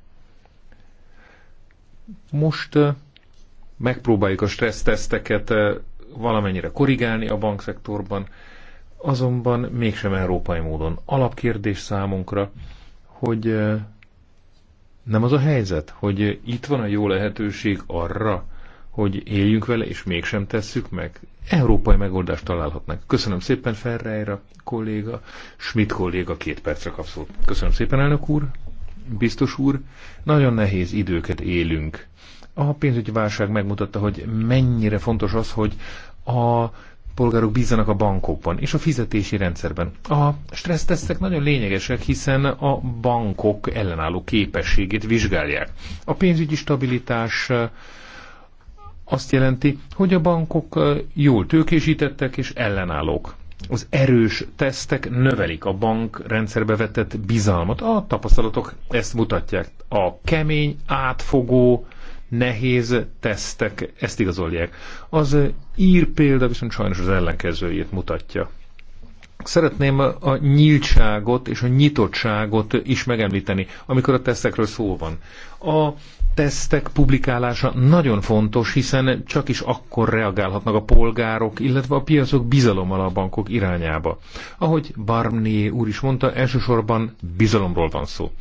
Most megpróbáljuk a stresszteszteket valamennyire korrigálni a bankszektorban, azonban mégsem európai módon. Alapkérdés számunkra, hogy nem az a helyzet, hogy itt van a jó lehetőség arra, hogy éljünk vele, és mégsem tesszük meg. Európai megoldást találhatnak. Köszönöm szépen Ferreira kolléga, Schmidt kolléga két percre kapszol. Köszönöm szépen, elnök úr, biztos úr. Nagyon nehéz időket élünk. A pénzügyi válság megmutatta, hogy mennyire fontos az, hogy a polgárok bízzanak a bankokban és a fizetési rendszerben. A stressztesztek nagyon lényegesek, hiszen a bankok ellenálló képességét vizsgálják. A pénzügyi stabilitás azt jelenti, hogy a bankok jól tőkésítettek és ellenállók. Az erős tesztek növelik a bank rendszerbe vetett bizalmat. A tapasztalatok ezt mutatják. A kemény, átfogó, nehéz tesztek ezt igazolják. Az ír példa viszont sajnos az ellenkezőjét mutatja. Szeretném a nyíltságot és a nyitottságot is megemlíteni, amikor a tesztekről szó van. A tesztek publikálása nagyon fontos, hiszen csak is akkor reagálhatnak a polgárok, illetve a piacok bizalommal a bankok irányába. Ahogy Barnier úr is mondta, elsősorban bizalomról van szó.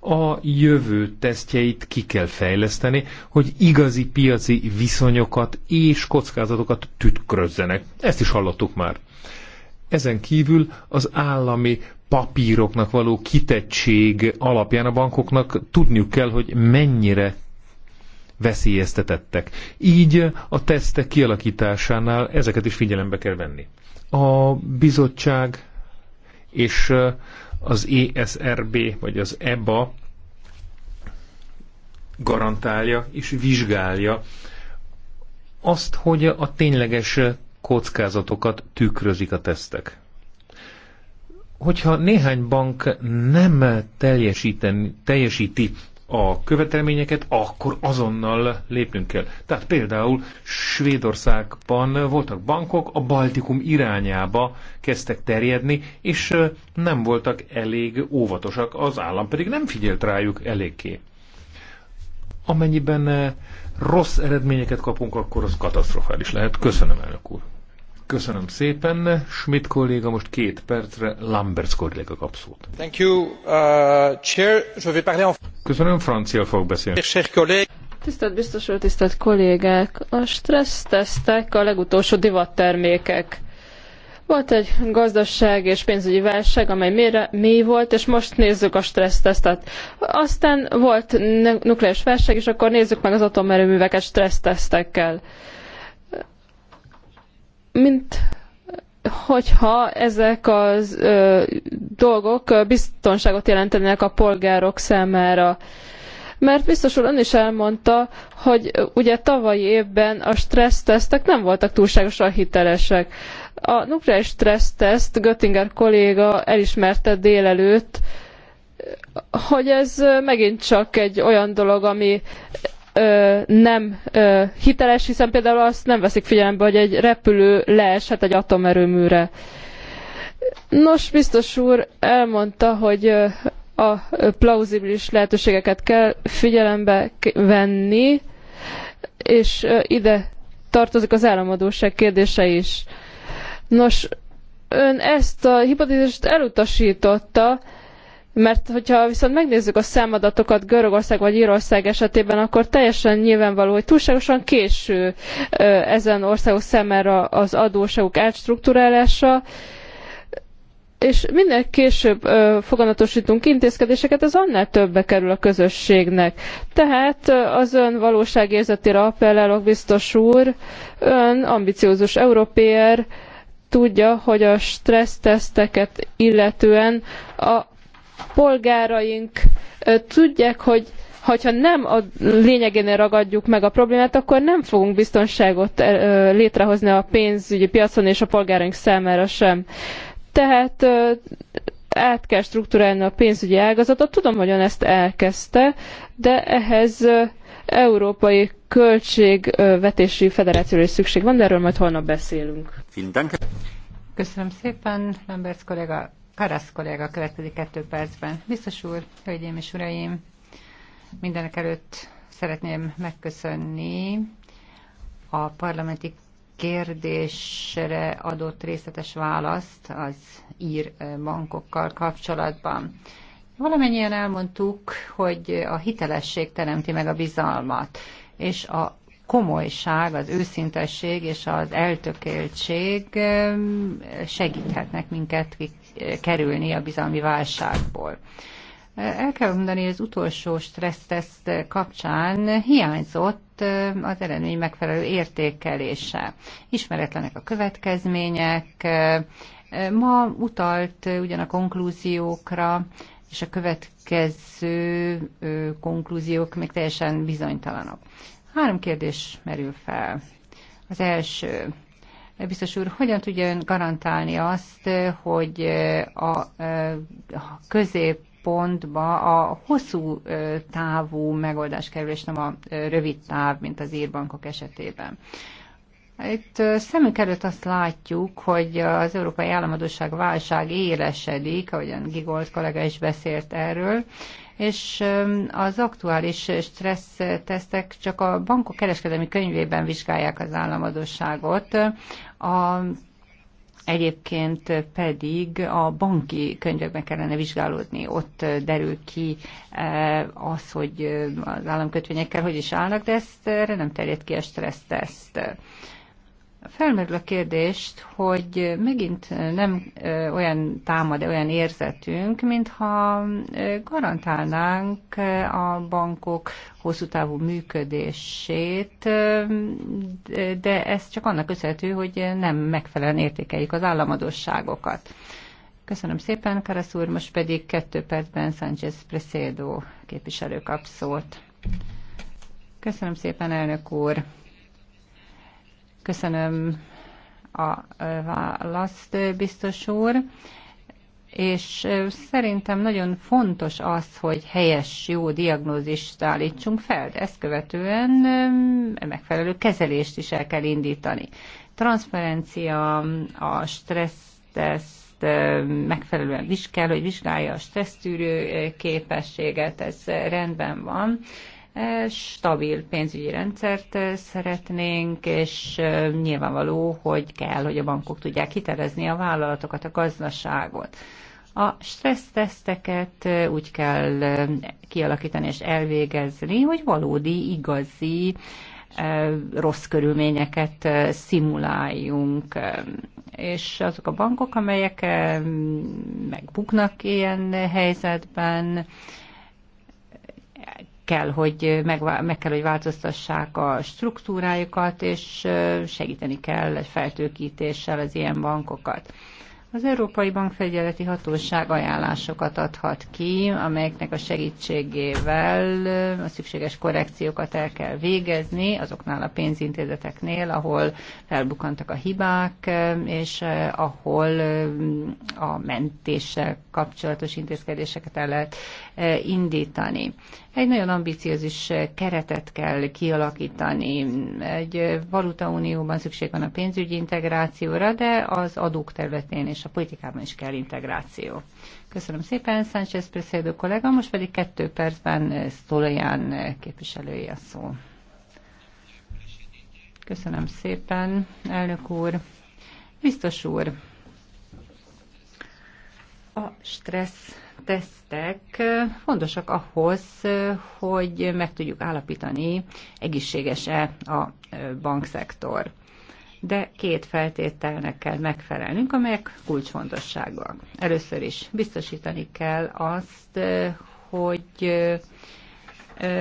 A jövő tesztjeit ki kell fejleszteni, hogy igazi piaci viszonyokat és kockázatokat tükrözzenek. Ezt is hallottuk már. Ezen kívül az állami papíroknak való kitettség alapján a bankoknak tudniuk kell, hogy mennyire veszélyeztetettek. Így a tesztek kialakításánál ezeket is figyelembe kell venni. A bizottság és az ESRB, vagy az EBA garantálja és vizsgálja azt, hogy a tényleges kockázatokat tükrözik a tesztek. Hogyha néhány bank nem teljesíti a követelményeket, akkor azonnal lépnünk kell. Tehát például Svédországban voltak bankok, a Baltikum irányába kezdtek terjedni, és nem voltak elég óvatosak, az állam pedig nem figyelt rájuk eléggé. Amennyiben rossz eredményeket kapunk, akkor az katasztrofális lehet. Köszönöm, elnök úr. Köszönöm szépen. Schmidt kolléga most két percre, Lamberts kolléga kap szót. Thank you, uh, chair. Je vais parler en... Köszönöm, francia fog beszélni. Tisztelt biztos úr, tisztelt kollégák! A stressztesztek a legutolsó divattermékek. Volt egy gazdaság és pénzügyi válság, amely mélyre, mély volt, és most nézzük a stressztesztet. Aztán volt nukleáris válság, és akkor nézzük meg az atomerőműveket stressztesztekkel mint hogyha ezek a dolgok biztonságot jelentenek a polgárok számára. Mert biztos úr ön is elmondta, hogy ugye tavalyi évben a stressztesztek nem voltak túlságosan hitelesek. A nukleáris stresszteszt Göttinger kolléga elismerte délelőtt, hogy ez megint csak egy olyan dolog, ami ö, nem ö, hiteles, hiszen például azt nem veszik figyelembe, hogy egy repülő leeshet egy atomerőműre. Nos, biztos úr elmondta, hogy a plauzibilis lehetőségeket kell figyelembe venni, és ide tartozik az államadóság kérdése is. Nos, ön ezt a hipotézist elutasította, mert hogyha viszont megnézzük a számadatokat Görögország vagy Írország esetében, akkor teljesen nyilvánvaló, hogy túlságosan késő ezen országok számára az adóságok átstruktúrálása, és minél később ö, foganatosítunk intézkedéseket, az annál többe kerül a közösségnek. Tehát az ön valóságérzetére appellálok, biztos úr, ön ambiciózus európér, tudja, hogy a stresszteszteket illetően a polgáraink tudják, hogy hogyha nem a lényegénél ragadjuk meg a problémát, akkor nem fogunk biztonságot létrehozni a pénzügyi piacon és a polgáraink számára sem. Tehát át kell strukturálni a pénzügyi ágazatot. Tudom, hogy ön ezt elkezdte, de ehhez európai költségvetési federációra is szükség van, de erről majd holnap beszélünk. Köszönöm szépen, Lemberts kollega. Karasz kolléga következik kettő percben. Biztos úr, hölgyeim és uraim, mindenek előtt szeretném megköszönni a parlamenti kérdésre adott részletes választ az ír bankokkal kapcsolatban. Valamennyien elmondtuk, hogy a hitelesség teremti meg a bizalmat, és a komolyság, az őszintesség és az eltökéltség segíthetnek minket kerülni a bizalmi válságból. El kell mondani, hogy az utolsó stresszteszt kapcsán hiányzott az eredmény megfelelő értékelése. Ismeretlenek a következmények, ma utalt ugyan a konklúziókra, és a következő konklúziók még teljesen bizonytalanok. Három kérdés merül fel. Az első, Biztos úr, hogyan tudja ön garantálni azt, hogy a közép pontba a hosszú távú megoldás kerül, és nem a rövid táv, mint az írbankok esetében. Itt szemünk előtt azt látjuk, hogy az európai államadóság válság élesedik, ahogyan Gigolt kollega is beszélt erről, és az aktuális stressztesztek csak a bankok kereskedelmi könyvében vizsgálják az államadóságot, a, egyébként pedig a banki könyvekben kellene vizsgálódni. Ott derül ki eh, az, hogy eh, az államkötvényekkel hogy is állnak, de ezt erre nem terjed ki a stresszteszt felmerül a kérdést, hogy megint nem olyan támad, olyan érzetünk, mintha garantálnánk a bankok hosszú távú működését, de ez csak annak köszönhető, hogy nem megfelelően értékeljük az államadosságokat. Köszönöm szépen, Karasz úr, most pedig kettő percben Sánchez Presedo képviselő kap szót. Köszönöm szépen, elnök úr. Köszönöm a választ, biztos úr és szerintem nagyon fontos az, hogy helyes, jó diagnózist állítsunk fel, de ezt követően megfelelő kezelést is el kell indítani. Transzparencia, a stressz megfelelően vizsgál, hogy vizsgálja a stressztűrő képességet, ez rendben van, stabil pénzügyi rendszert szeretnénk, és nyilvánvaló, hogy kell, hogy a bankok tudják hitelezni a vállalatokat, a gazdaságot. A stresszteszteket úgy kell kialakítani és elvégezni, hogy valódi, igazi, rossz körülményeket szimuláljunk. És azok a bankok, amelyek megbuknak ilyen helyzetben, kell, hogy meg, meg kell, hogy változtassák a struktúrájukat, és segíteni kell egy feltőkítéssel az ilyen bankokat. Az Európai Bankfelügyeleti Hatóság ajánlásokat adhat ki, amelyeknek a segítségével a szükséges korrekciókat el kell végezni azoknál a pénzintézeteknél, ahol felbukantak a hibák, és ahol a mentéssel kapcsolatos intézkedéseket el lehet indítani. Egy nagyon ambiciózus keretet kell kialakítani. Egy valutaunióban szükség van a pénzügyi integrációra, de az adók területén és a politikában is kell integráció. Köszönöm szépen, Sánchez Preszédő kollega, most pedig kettő percben Szolaján képviselője szó. Köszönöm szépen, elnök úr. Biztos úr, a stressz tesztek fontosak ahhoz, hogy meg tudjuk állapítani, egészséges-e a bankszektor. De két feltételnek kell megfelelnünk, amelyek kulcsfontosságúak. Először is biztosítani kell azt, hogy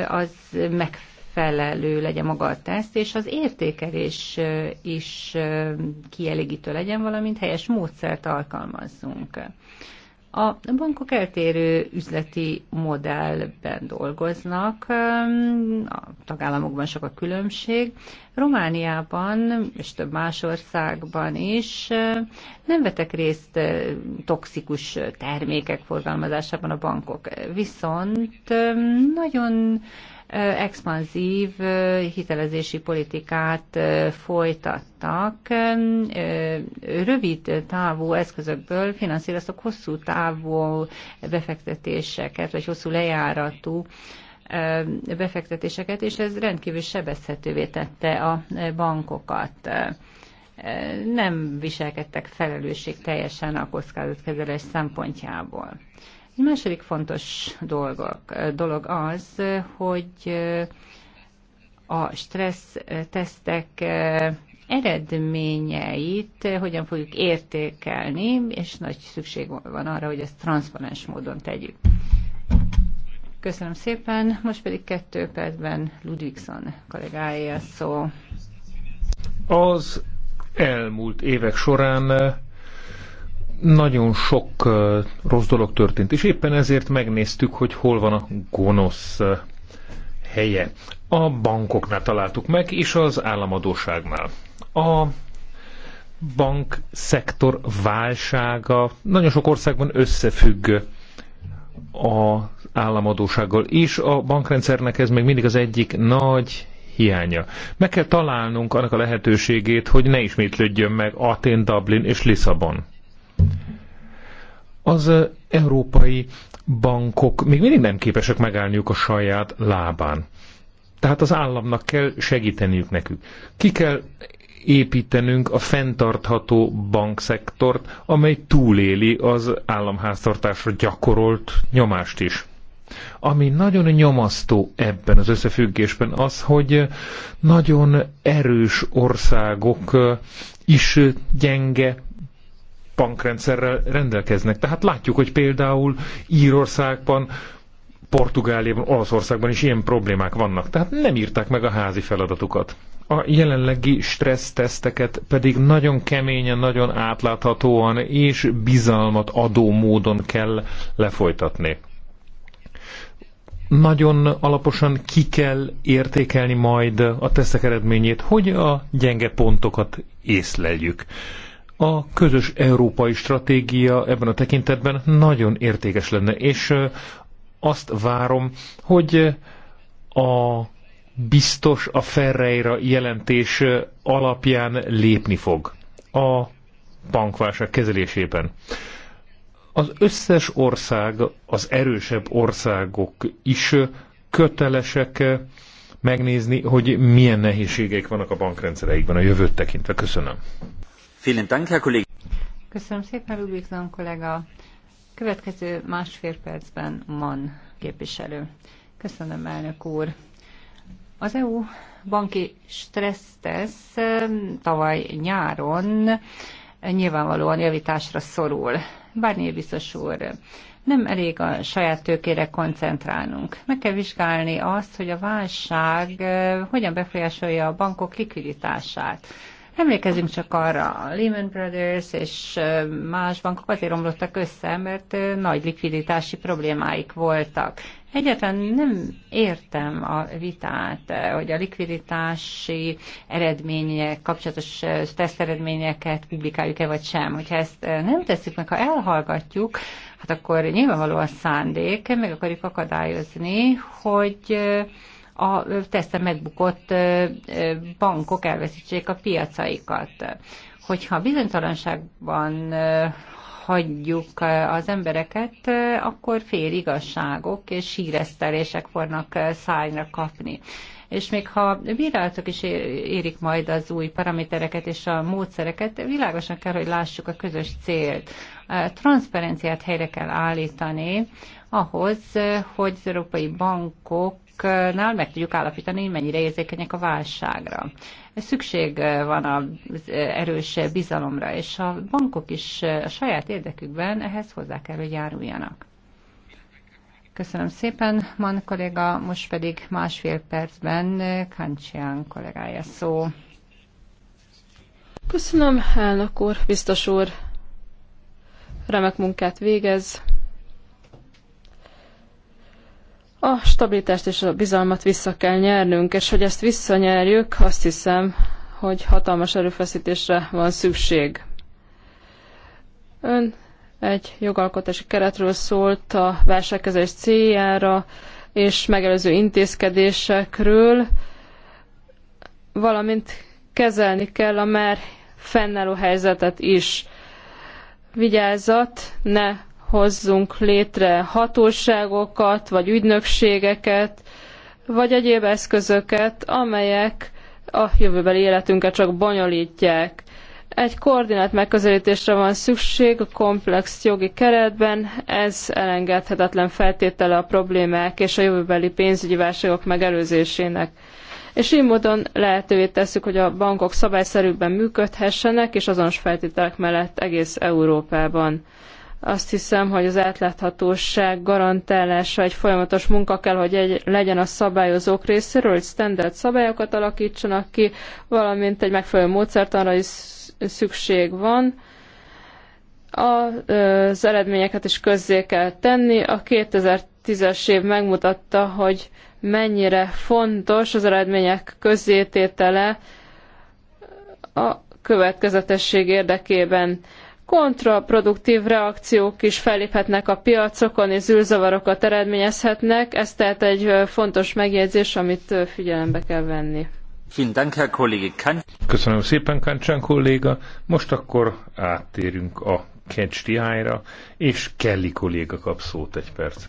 az megfelelő legyen maga a teszt, és az értékelés is kielégítő legyen, valamint helyes módszert alkalmazzunk. A bankok eltérő üzleti modellben dolgoznak, a tagállamokban sok a különbség. Romániában és több más országban is nem vetek részt toxikus termékek forgalmazásában a bankok, viszont nagyon expanzív hitelezési politikát folytattak. Rövid távú eszközökből finanszíroztak hosszú távú befektetéseket, vagy hosszú lejáratú befektetéseket, és ez rendkívül sebezhetővé tette a bankokat nem viselkedtek felelősség teljesen a kockázatkezelés szempontjából. Egy második fontos dolgok, dolog az, hogy a stressz tesztek eredményeit hogyan fogjuk értékelni, és nagy szükség van arra, hogy ezt transzparens módon tegyük. Köszönöm szépen, most pedig kettő percben Ludvigson kollégája szó. Az elmúlt évek során nagyon sok rossz dolog történt, és éppen ezért megnéztük, hogy hol van a gonosz helye. A bankoknál találtuk meg, és az államadóságnál. A szektor válsága nagyon sok országban összefügg az államadósággal, és a bankrendszernek ez még mindig az egyik nagy hiánya. Meg kell találnunk annak a lehetőségét, hogy ne ismétlődjön meg Athén, Dublin és Lisszabon. Az európai bankok még mindig nem képesek megállniuk a saját lábán. Tehát az államnak kell segíteniük nekük. Ki kell építenünk a fenntartható bankszektort, amely túléli az államháztartásra gyakorolt nyomást is. Ami nagyon nyomasztó ebben az összefüggésben az, hogy nagyon erős országok is gyenge bankrendszerrel rendelkeznek. Tehát látjuk, hogy például Írországban, Portugáliában, Olaszországban is ilyen problémák vannak. Tehát nem írták meg a házi feladatukat. A jelenlegi stresszteszteket pedig nagyon keményen, nagyon átláthatóan és bizalmat adó módon kell lefolytatni nagyon alaposan ki kell értékelni majd a tesztek eredményét, hogy a gyenge pontokat észleljük. A közös európai stratégia ebben a tekintetben nagyon értékes lenne, és azt várom, hogy a biztos a Ferreira jelentés alapján lépni fog a bankválság kezelésében. Az összes ország, az erősebb országok is kötelesek megnézni, hogy milyen nehézségek vannak a bankrendszereikben a jövőt tekintve. Köszönöm. Köszönöm szépen, Rubikzon kollega. Következő másfél percben Mann képviselő. Köszönöm, elnök úr. Az EU banki stressztesz tavaly nyáron nyilvánvalóan javításra szorul. Bárnyi biztos úr, nem elég a saját tőkére koncentrálnunk. Meg kell vizsgálni azt, hogy a válság hogyan befolyásolja a bankok likviditását. Emlékezzünk csak arra, a Lehman Brothers és más bankok azért romlottak össze, mert nagy likviditási problémáik voltak. Egyáltalán nem értem a vitát, hogy a likviditási eredmények, kapcsolatos teszt eredményeket publikáljuk-e vagy sem. Hogyha ezt nem tesszük meg, ha elhallgatjuk, hát akkor nyilvánvalóan szándék, meg akarjuk akadályozni, hogy a teszten megbukott bankok elveszítsék a piacaikat. Hogyha bizonytalanságban hagyjuk az embereket, akkor fél igazságok és híresztelések fognak szájra kapni és még ha bírálatok is érik majd az új paramétereket és a módszereket, világosan kell, hogy lássuk a közös célt. A transzparenciát helyre kell állítani ahhoz, hogy az európai bankok országoknál meg tudjuk állapítani, mennyire érzékenyek a válságra. Szükség van az erős bizalomra, és a bankok is a saját érdekükben ehhez hozzá kell, hogy járuljanak. Köszönöm szépen, Man kolléga, most pedig másfél percben Kancsián kollégája szó. Köszönöm, elnök úr, biztos úr. Remek munkát végez. a stabilitást és a bizalmat vissza kell nyernünk, és hogy ezt visszanyerjük, azt hiszem, hogy hatalmas erőfeszítésre van szükség. Ön egy jogalkotási keretről szólt a válságkezelés céljára és megelőző intézkedésekről, valamint kezelni kell a már fennálló helyzetet is. Vigyázzat, ne hozzunk létre hatóságokat, vagy ügynökségeket, vagy egyéb eszközöket, amelyek a jövőbeli életünket csak bonyolítják. Egy koordinált megközelítésre van szükség a komplex jogi keretben, ez elengedhetetlen feltétele a problémák és a jövőbeli pénzügyi válságok megelőzésének. És így módon lehetővé tesszük, hogy a bankok szabályszerűbben működhessenek, és azonos feltételek mellett egész Európában. Azt hiszem, hogy az átláthatóság garantálása egy folyamatos munka kell, hogy egy, legyen a szabályozók részéről, hogy standard szabályokat alakítsanak ki, valamint egy megfelelő módszertanra is szükség van az eredményeket is közzé kell tenni. A 2010-es év megmutatta, hogy mennyire fontos az eredmények közzététele a következetesség érdekében kontraproduktív reakciók is felléphetnek a piacokon, és zűrzavarokat eredményezhetnek. Ez tehát egy fontos megjegyzés, amit figyelembe kell venni. Köszönöm szépen, Kancsán kolléga. Most akkor áttérünk a Catch the ra és Kelly kolléga kap szót egy perc.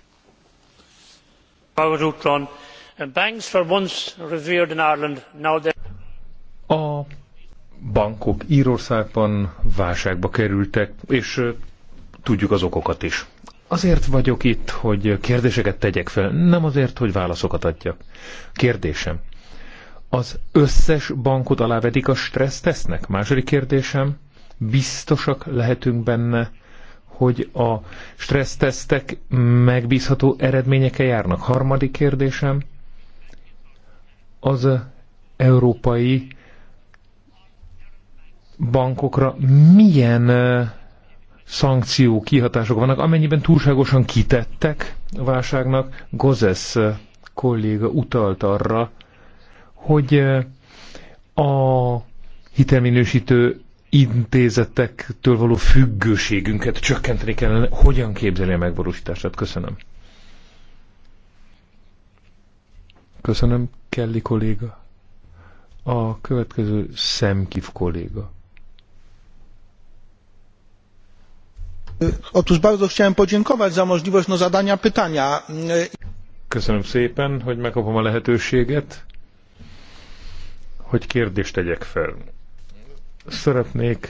A bankok Írországban válságba kerültek, és tudjuk az okokat is. Azért vagyok itt, hogy kérdéseket tegyek fel, nem azért, hogy válaszokat adjak. Kérdésem. Az összes bankot alávedik a stressztesznek? Második kérdésem. Biztosak lehetünk benne, hogy a stressztesztek megbízható eredményekkel járnak? Harmadik kérdésem. Az európai bankokra milyen szankció kihatások vannak, amennyiben túlságosan kitettek a válságnak. Gozesz kolléga utalt arra, hogy a hitelminősítő intézetektől való függőségünket csökkenteni kellene. Hogyan képzeli a megvalósítását? Köszönöm. Köszönöm, Kelly kolléga. A következő Szemkiv kolléga. Otóż bardzo chciałem podziękować za możliwość no, zadania pytania. Köszönöm szépen, hogy megkapom a lehetőséget, hogy kérdést tegyek fel. Szeretnék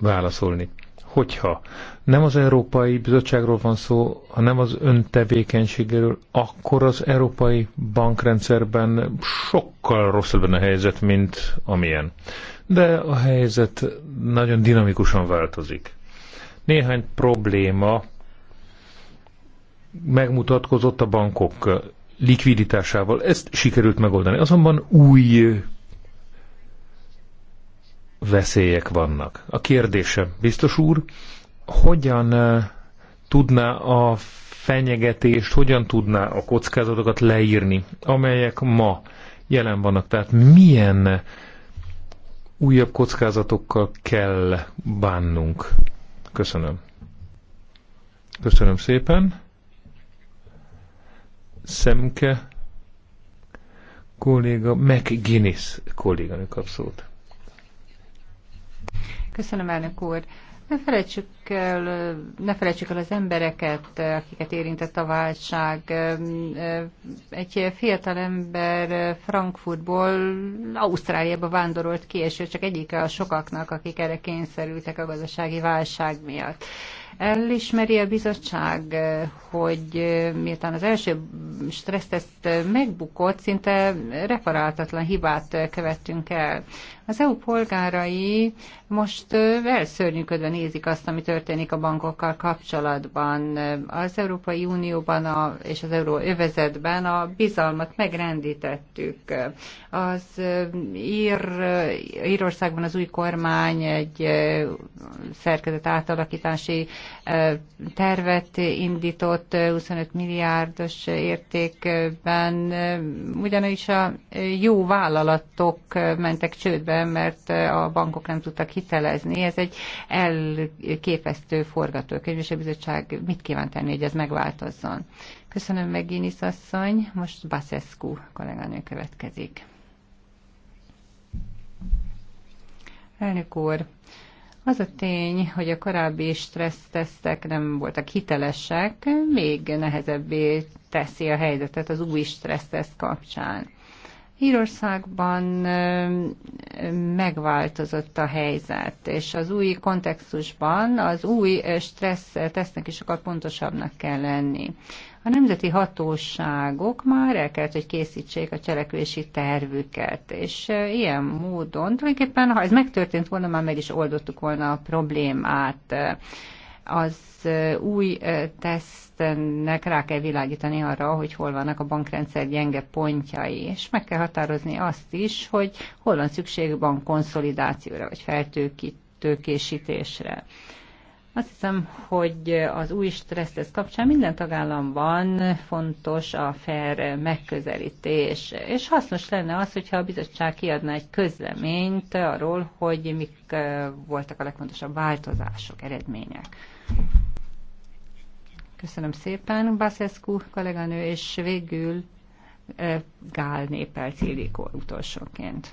válaszolni. Hogyha nem az Európai Bizottságról van szó, hanem az öntevékenységéről, akkor az európai bankrendszerben sokkal rosszabb a helyzet, mint amilyen. De a helyzet nagyon dinamikusan változik. Néhány probléma megmutatkozott a bankok likviditásával. Ezt sikerült megoldani. Azonban új veszélyek vannak. A kérdése, biztos úr, hogyan tudná a fenyegetést, hogyan tudná a kockázatokat leírni, amelyek ma jelen vannak. Tehát milyen újabb kockázatokkal kell bánnunk. Köszönöm. Köszönöm szépen. Szemke kolléga, McGuinness kolléganő kap Köszönöm, elnök úr. Ne felejtsük el, ne felejtsük el az embereket, akiket érintett a válság. Egy fiatal ember Frankfurtból Ausztráliába vándorolt ki, és ő csak egyik a sokaknak, akik erre kényszerültek a gazdasági válság miatt. Elismeri a bizottság, hogy miután az első stresszteszt megbukott, szinte reparáltatlan hibát követtünk el. Az EU polgárai most elszörnyűködve nézik azt, ami történik a bankokkal kapcsolatban. Az Európai Unióban a, és az Euróövezetben a bizalmat megrendítettük. Az eh, Ír, Írországban az új kormány egy eh, szerkezet átalakítási tervet indított 25 milliárdos értékben, ugyanis a jó vállalatok mentek csődbe, mert a bankok nem tudtak hitelezni. Ez egy elképesztő forgatókönyv, és a bizottság mit kíván tenni, hogy ez megváltozzon. Köszönöm meg, Inis asszony. Most Baszescu kolléganő következik. Elnök úr, az a tény, hogy a korábbi stressztesztek nem voltak hitelesek, még nehezebbé teszi a helyzetet az új stresszteszt kapcsán. Írországban megváltozott a helyzet, és az új kontextusban az új stressztesznek is sokkal pontosabbnak kell lenni. A nemzeti hatóságok már el kellett, hogy készítsék a cselekvési tervüket, és ilyen módon tulajdonképpen, ha ez megtörtént volna, már meg is oldottuk volna a problémát. Az új tesztnek rá kell világítani arra, hogy hol vannak a bankrendszer gyenge pontjai, és meg kell határozni azt is, hogy hol van szükség bank konszolidációra, vagy feltőkítésre. Azt hiszem, hogy az új stressztesz kapcsán minden tagállamban fontos a fair megközelítés, és hasznos lenne az, hogyha a bizottság kiadna egy közleményt arról, hogy mik voltak a legfontosabb változások, eredmények. Köszönöm szépen, Baszescu kolléganő, és végül Gál Népel Cildikó utolsóként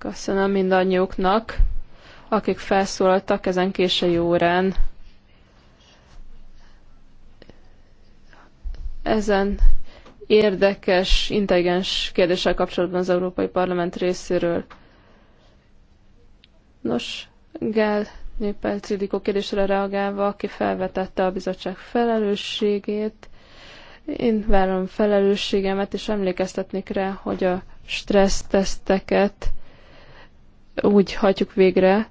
Köszönöm mindannyiuknak, akik felszólaltak ezen késői órán. Ezen érdekes, intelligens kérdéssel kapcsolatban az Európai Parlament részéről. Nos, Gál Népelt Ildikó kérdésre reagálva, aki felvetette a bizottság felelősségét, én várom felelősségemet, és emlékeztetnék rá, hogy a stresszteszteket úgy hajtjuk végre,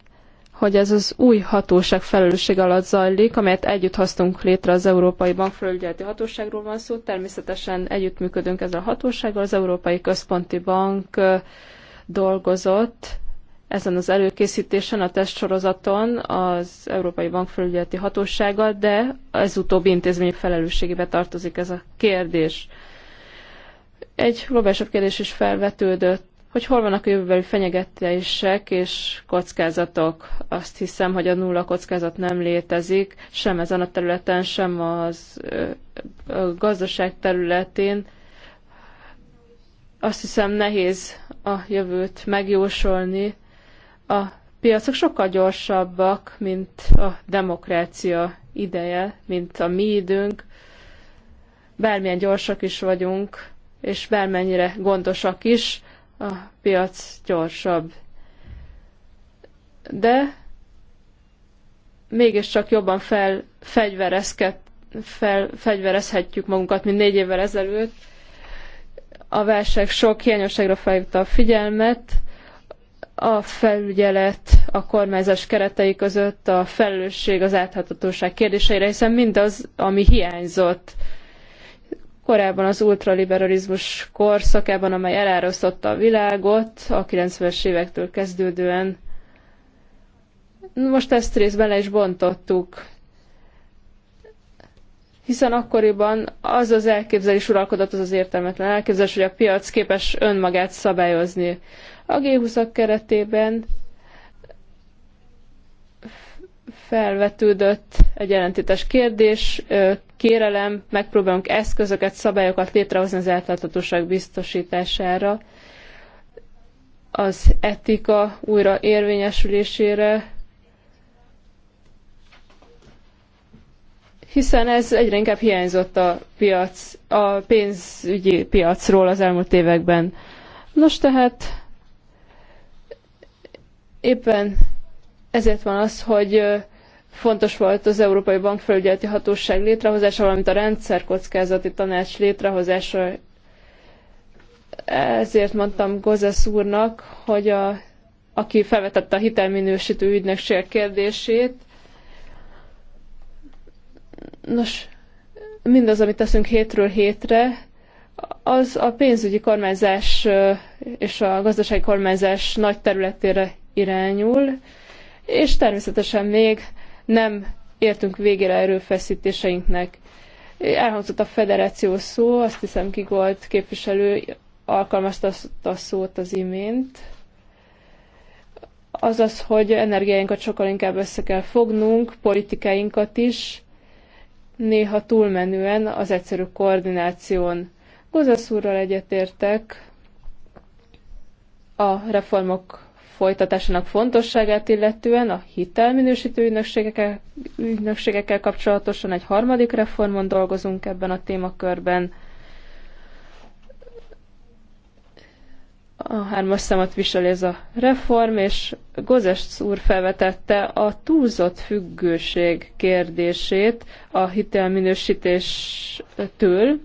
hogy ez az új hatóság felelősség alatt zajlik, amelyet együtt hoztunk létre az Európai Bankfelügyeleti Hatóságról van szó. Természetesen együttműködünk ezzel a hatósággal. Az Európai Központi Bank dolgozott ezen az előkészítésen, a testsorozaton az Európai Bankfelügyeleti Hatósággal, de ez utóbbi intézmény felelősségébe tartozik ez a kérdés. Egy globálisabb kérdés is felvetődött hogy hol vannak a jövőbeli fenyegetések és kockázatok. Azt hiszem, hogy a nulla kockázat nem létezik, sem ezen a területen, sem az a gazdaság területén. Azt hiszem, nehéz a jövőt megjósolni. A piacok sokkal gyorsabbak, mint a demokrácia ideje, mint a mi időnk. Bármilyen gyorsak is vagyunk, és bármennyire gondosak is, a piac gyorsabb. De mégiscsak jobban fel, fel, fegyverezhetjük magunkat, mint négy évvel ezelőtt. A válság sok hiányosságra felhívta a figyelmet, a felügyelet a kormányzás keretei között a felelősség, az áthatatóság kérdéseire, hiszen mindaz, ami hiányzott, Korábban az ultraliberalizmus korszakában, amely elárasztotta a világot, a 90-es évektől kezdődően, most ezt részben le is bontottuk, hiszen akkoriban az az elképzelés uralkodott, az az értelmetlen elképzelés, hogy a piac képes önmagát szabályozni. A G20-ak keretében felvetődött egy jelentétes kérdés, kérelem, megpróbálunk eszközöket, szabályokat létrehozni az átláthatóság biztosítására, az etika újra érvényesülésére, hiszen ez egyre inkább hiányzott a, piac, a pénzügyi piacról az elmúlt években. Nos tehát éppen ezért van az, hogy fontos volt az Európai Bankfelügyeleti Hatóság létrehozása, valamint a rendszerkockázati tanács létrehozása. Ezért mondtam Gozesz úrnak, hogy a, aki felvetette a hitelminősítő ügynökség kérdését, nos, mindaz, amit teszünk hétről hétre, az a pénzügyi kormányzás és a gazdasági kormányzás nagy területére irányul, és természetesen még nem értünk végére erőfeszítéseinknek. Elhangzott a federáció szó, azt hiszem ki képviselő, alkalmazta a szót az imént. Azaz, hogy energiáinkat sokkal inkább össze kell fognunk, politikáinkat is, néha túlmenően az egyszerű koordináción. Gozasz úrral egyetértek, a reformok folytatásának fontosságát illetően a hitelminősítő ügynökségekkel, ügynökségekkel kapcsolatosan egy harmadik reformon dolgozunk ebben a témakörben. A hármas szemet visel ez a reform, és Gozes úr felvetette a túlzott függőség kérdését a hitelminősítéstől.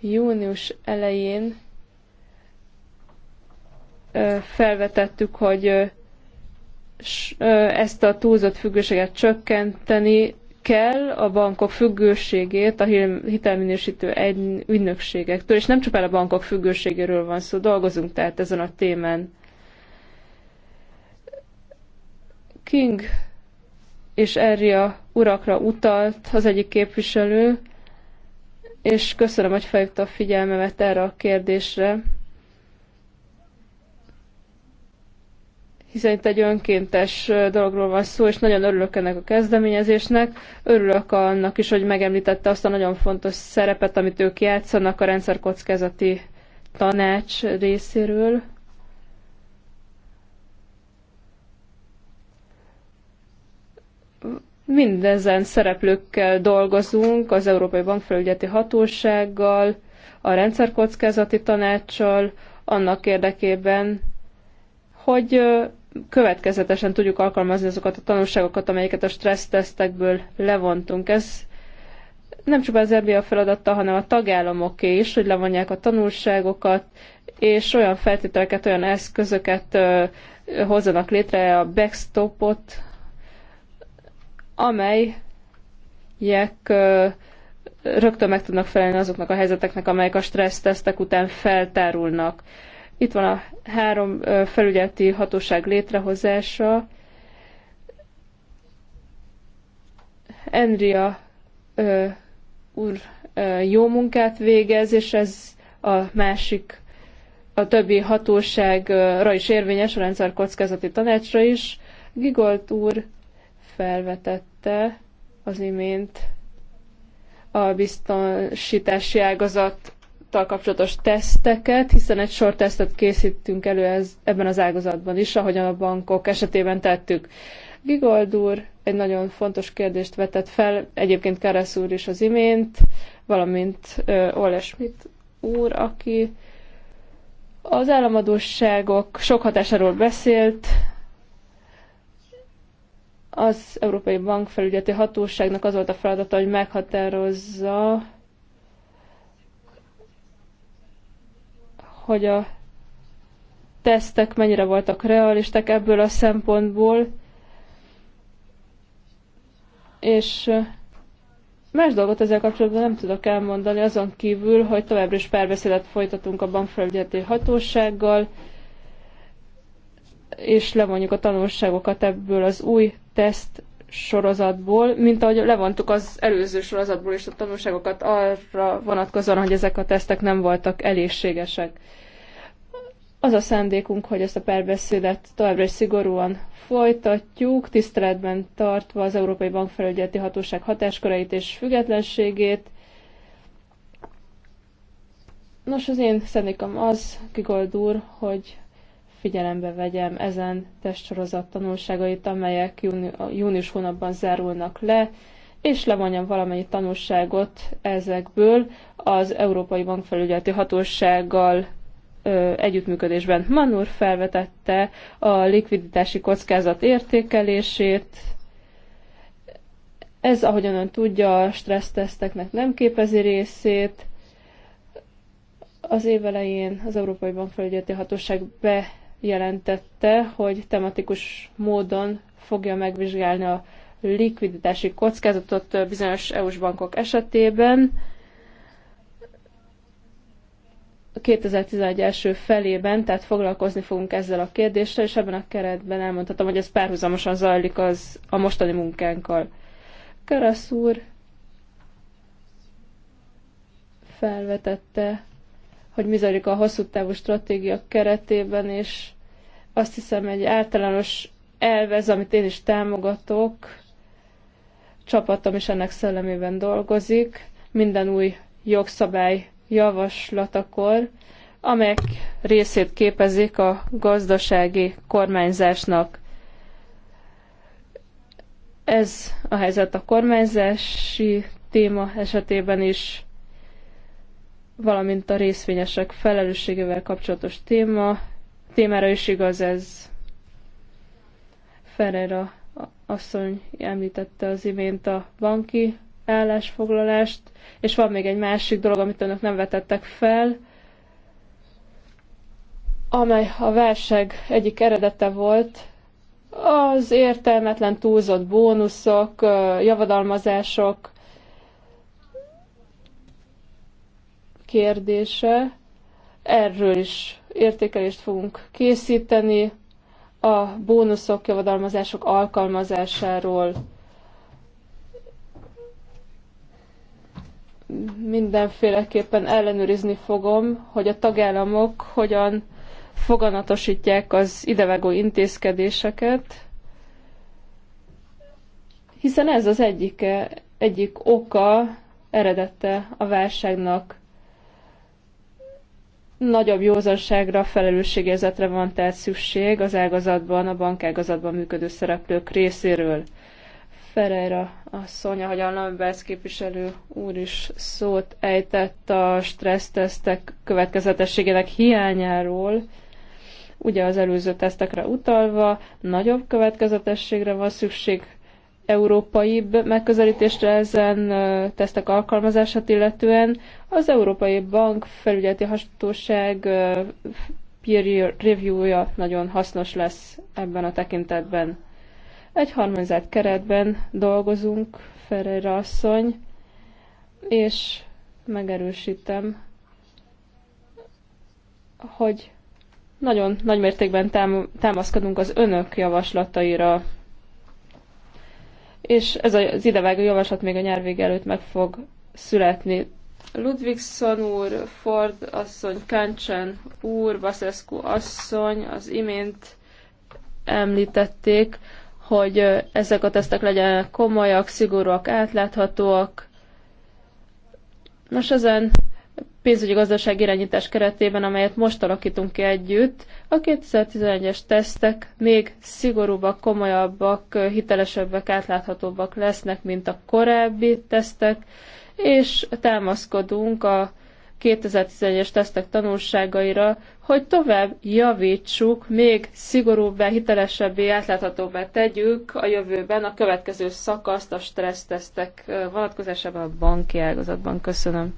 Június elején felvetettük, hogy ezt a túlzott függőséget csökkenteni kell a bankok függőségét a hitelminősítő ügynökségektől, és nem csupán a bankok függőségéről van szó, dolgozunk tehát ezen a témán. King és Erria urakra utalt az egyik képviselő, és köszönöm, hogy felhívta a figyelmemet erre a kérdésre. hiszen itt egy önkéntes dologról van szó, és nagyon örülök ennek a kezdeményezésnek. Örülök annak is, hogy megemlítette azt a nagyon fontos szerepet, amit ők játszanak a rendszerkockázati tanács részéről. Mindezen szereplőkkel dolgozunk, az Európai Bankfelügyeti Hatósággal, a rendszerkockázati tanácssal, annak érdekében, hogy következetesen tudjuk alkalmazni azokat a tanulságokat, amelyeket a stressztesztekből levontunk. Ez nem csak az EBA feladata, hanem a tagállamoké is, hogy levonják a tanulságokat, és olyan feltételeket, olyan eszközöket hozzanak létre a backstopot, amelyek rögtön meg tudnak felelni azoknak a helyzeteknek, amelyek a stressztesztek után feltárulnak. Itt van a három felügyeleti hatóság létrehozása. Andrea ö, úr ö, jó munkát végez, és ez a másik, a többi hatóságra is érvényes, a rendszer kockázati tanácsra is. Gigolt úr felvetette az imént a biztonsítási ágazat ágazattal kapcsolatos teszteket, hiszen egy sor tesztet készítünk elő ez, ebben az ágazatban is, ahogyan a bankok esetében tettük. Gigold úr egy nagyon fontos kérdést vetett fel, egyébként Karasz úr is az imént, valamint uh, Schmidt úr, aki az államadóságok sok hatásáról beszélt, az Európai Bankfelügyeleti Hatóságnak az volt a feladata, hogy meghatározza, hogy a tesztek mennyire voltak realisták ebből a szempontból, és más dolgot ezzel kapcsolatban nem tudok elmondani, azon kívül, hogy továbbra is párbeszédet folytatunk a bankfelügyeleti hatósággal, és levonjuk a tanulságokat ebből az új teszt sorozatból, mint ahogy levontuk az előző sorozatból is a tanulságokat arra vonatkozóan, hogy ezek a tesztek nem voltak elégségesek. Az a szándékunk, hogy ezt a perbeszédet továbbra is szigorúan folytatjuk, tiszteletben tartva az Európai Bankfelügyeleti Hatóság hatásköreit és függetlenségét. Nos, az én szándékom az, Kigold úr, hogy figyelembe vegyem ezen testsorozat tanulságait, amelyek júni, június hónapban zárulnak le, és levonjam valamennyi tanulságot ezekből az Európai Bankfelügyeleti Hatósággal ö, együttműködésben. Manur felvetette a likviditási kockázat értékelését. Ez, ahogyan ön tudja, a stresszteszteknek nem képezi részét az év elején az Európai Bankfelügyeleti Hatóság be jelentette, hogy tematikus módon fogja megvizsgálni a likviditási kockázatot bizonyos EU-s bankok esetében. 2011 első felében, tehát foglalkozni fogunk ezzel a kérdéssel, és ebben a keretben elmondhatom, hogy ez párhuzamosan zajlik az a mostani munkánkkal. Karasz úr felvetette, hogy mi zajlik a hosszú távú stratégia keretében, és azt hiszem, egy általános elvez, amit én is támogatok, csapatom is ennek szellemében dolgozik, minden új jogszabály javaslatakor, amelyek részét képezik a gazdasági kormányzásnak. Ez a helyzet a kormányzási téma esetében is, valamint a részvényesek felelősségével kapcsolatos téma témára is igaz ez. Ferreira asszony említette az imént a banki állásfoglalást, és van még egy másik dolog, amit önök nem vetettek fel, amely a válság egyik eredete volt, az értelmetlen túlzott bónuszok, javadalmazások kérdése. Erről is értékelést fogunk készíteni a bónuszok, javadalmazások alkalmazásáról, mindenféleképpen ellenőrizni fogom, hogy a tagállamok hogyan foganatosítják az idevágó intézkedéseket, hiszen ez az egyike egyik oka, eredete a válságnak. Nagyobb józanságra, felelősségérzetre van tehát szükség az ágazatban, a bankágazatban működő szereplők részéről. Ferreira asszony, ahogyan Lambert képviselő úr is szót ejtett a stressztesztek következetességének hiányáról, ugye az előző tesztekre utalva, nagyobb következetességre van szükség, európaibb megközelítésre ezen tesztek alkalmazását illetően. Az Európai Bank felügyeleti hatóság peer review-ja nagyon hasznos lesz ebben a tekintetben. Egy harmonizált keretben dolgozunk, Ferreira asszony, és megerősítem, hogy nagyon nagy mértékben támaszkodunk az önök javaslataira és ez az idevágó javaslat még a nyár vége előtt meg fog születni. Ludvigson úr, Ford asszony, Kancsen úr, Basescu asszony az imént említették, hogy ezek a tesztek legyenek komolyak, szigorúak, átláthatóak. Nos, ezen pénzügyi gazdaság irányítás keretében, amelyet most alakítunk ki együtt, a 2011-es tesztek még szigorúbbak, komolyabbak, hitelesebbek, átláthatóbbak lesznek, mint a korábbi tesztek, és támaszkodunk a 2011-es tesztek tanulságaira, hogy tovább javítsuk, még szigorúbbá, hitelesebbé, átláthatóbbá tegyük a jövőben a következő szakaszt a stressztesztek vonatkozásában a banki ágazatban. Köszönöm.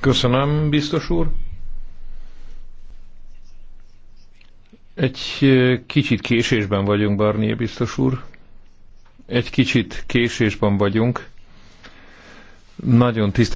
Köszönöm, biztos úr. Egy kicsit késésben vagyunk, Barnier biztos úr. Egy kicsit késésben vagyunk. Nagyon tisztelt.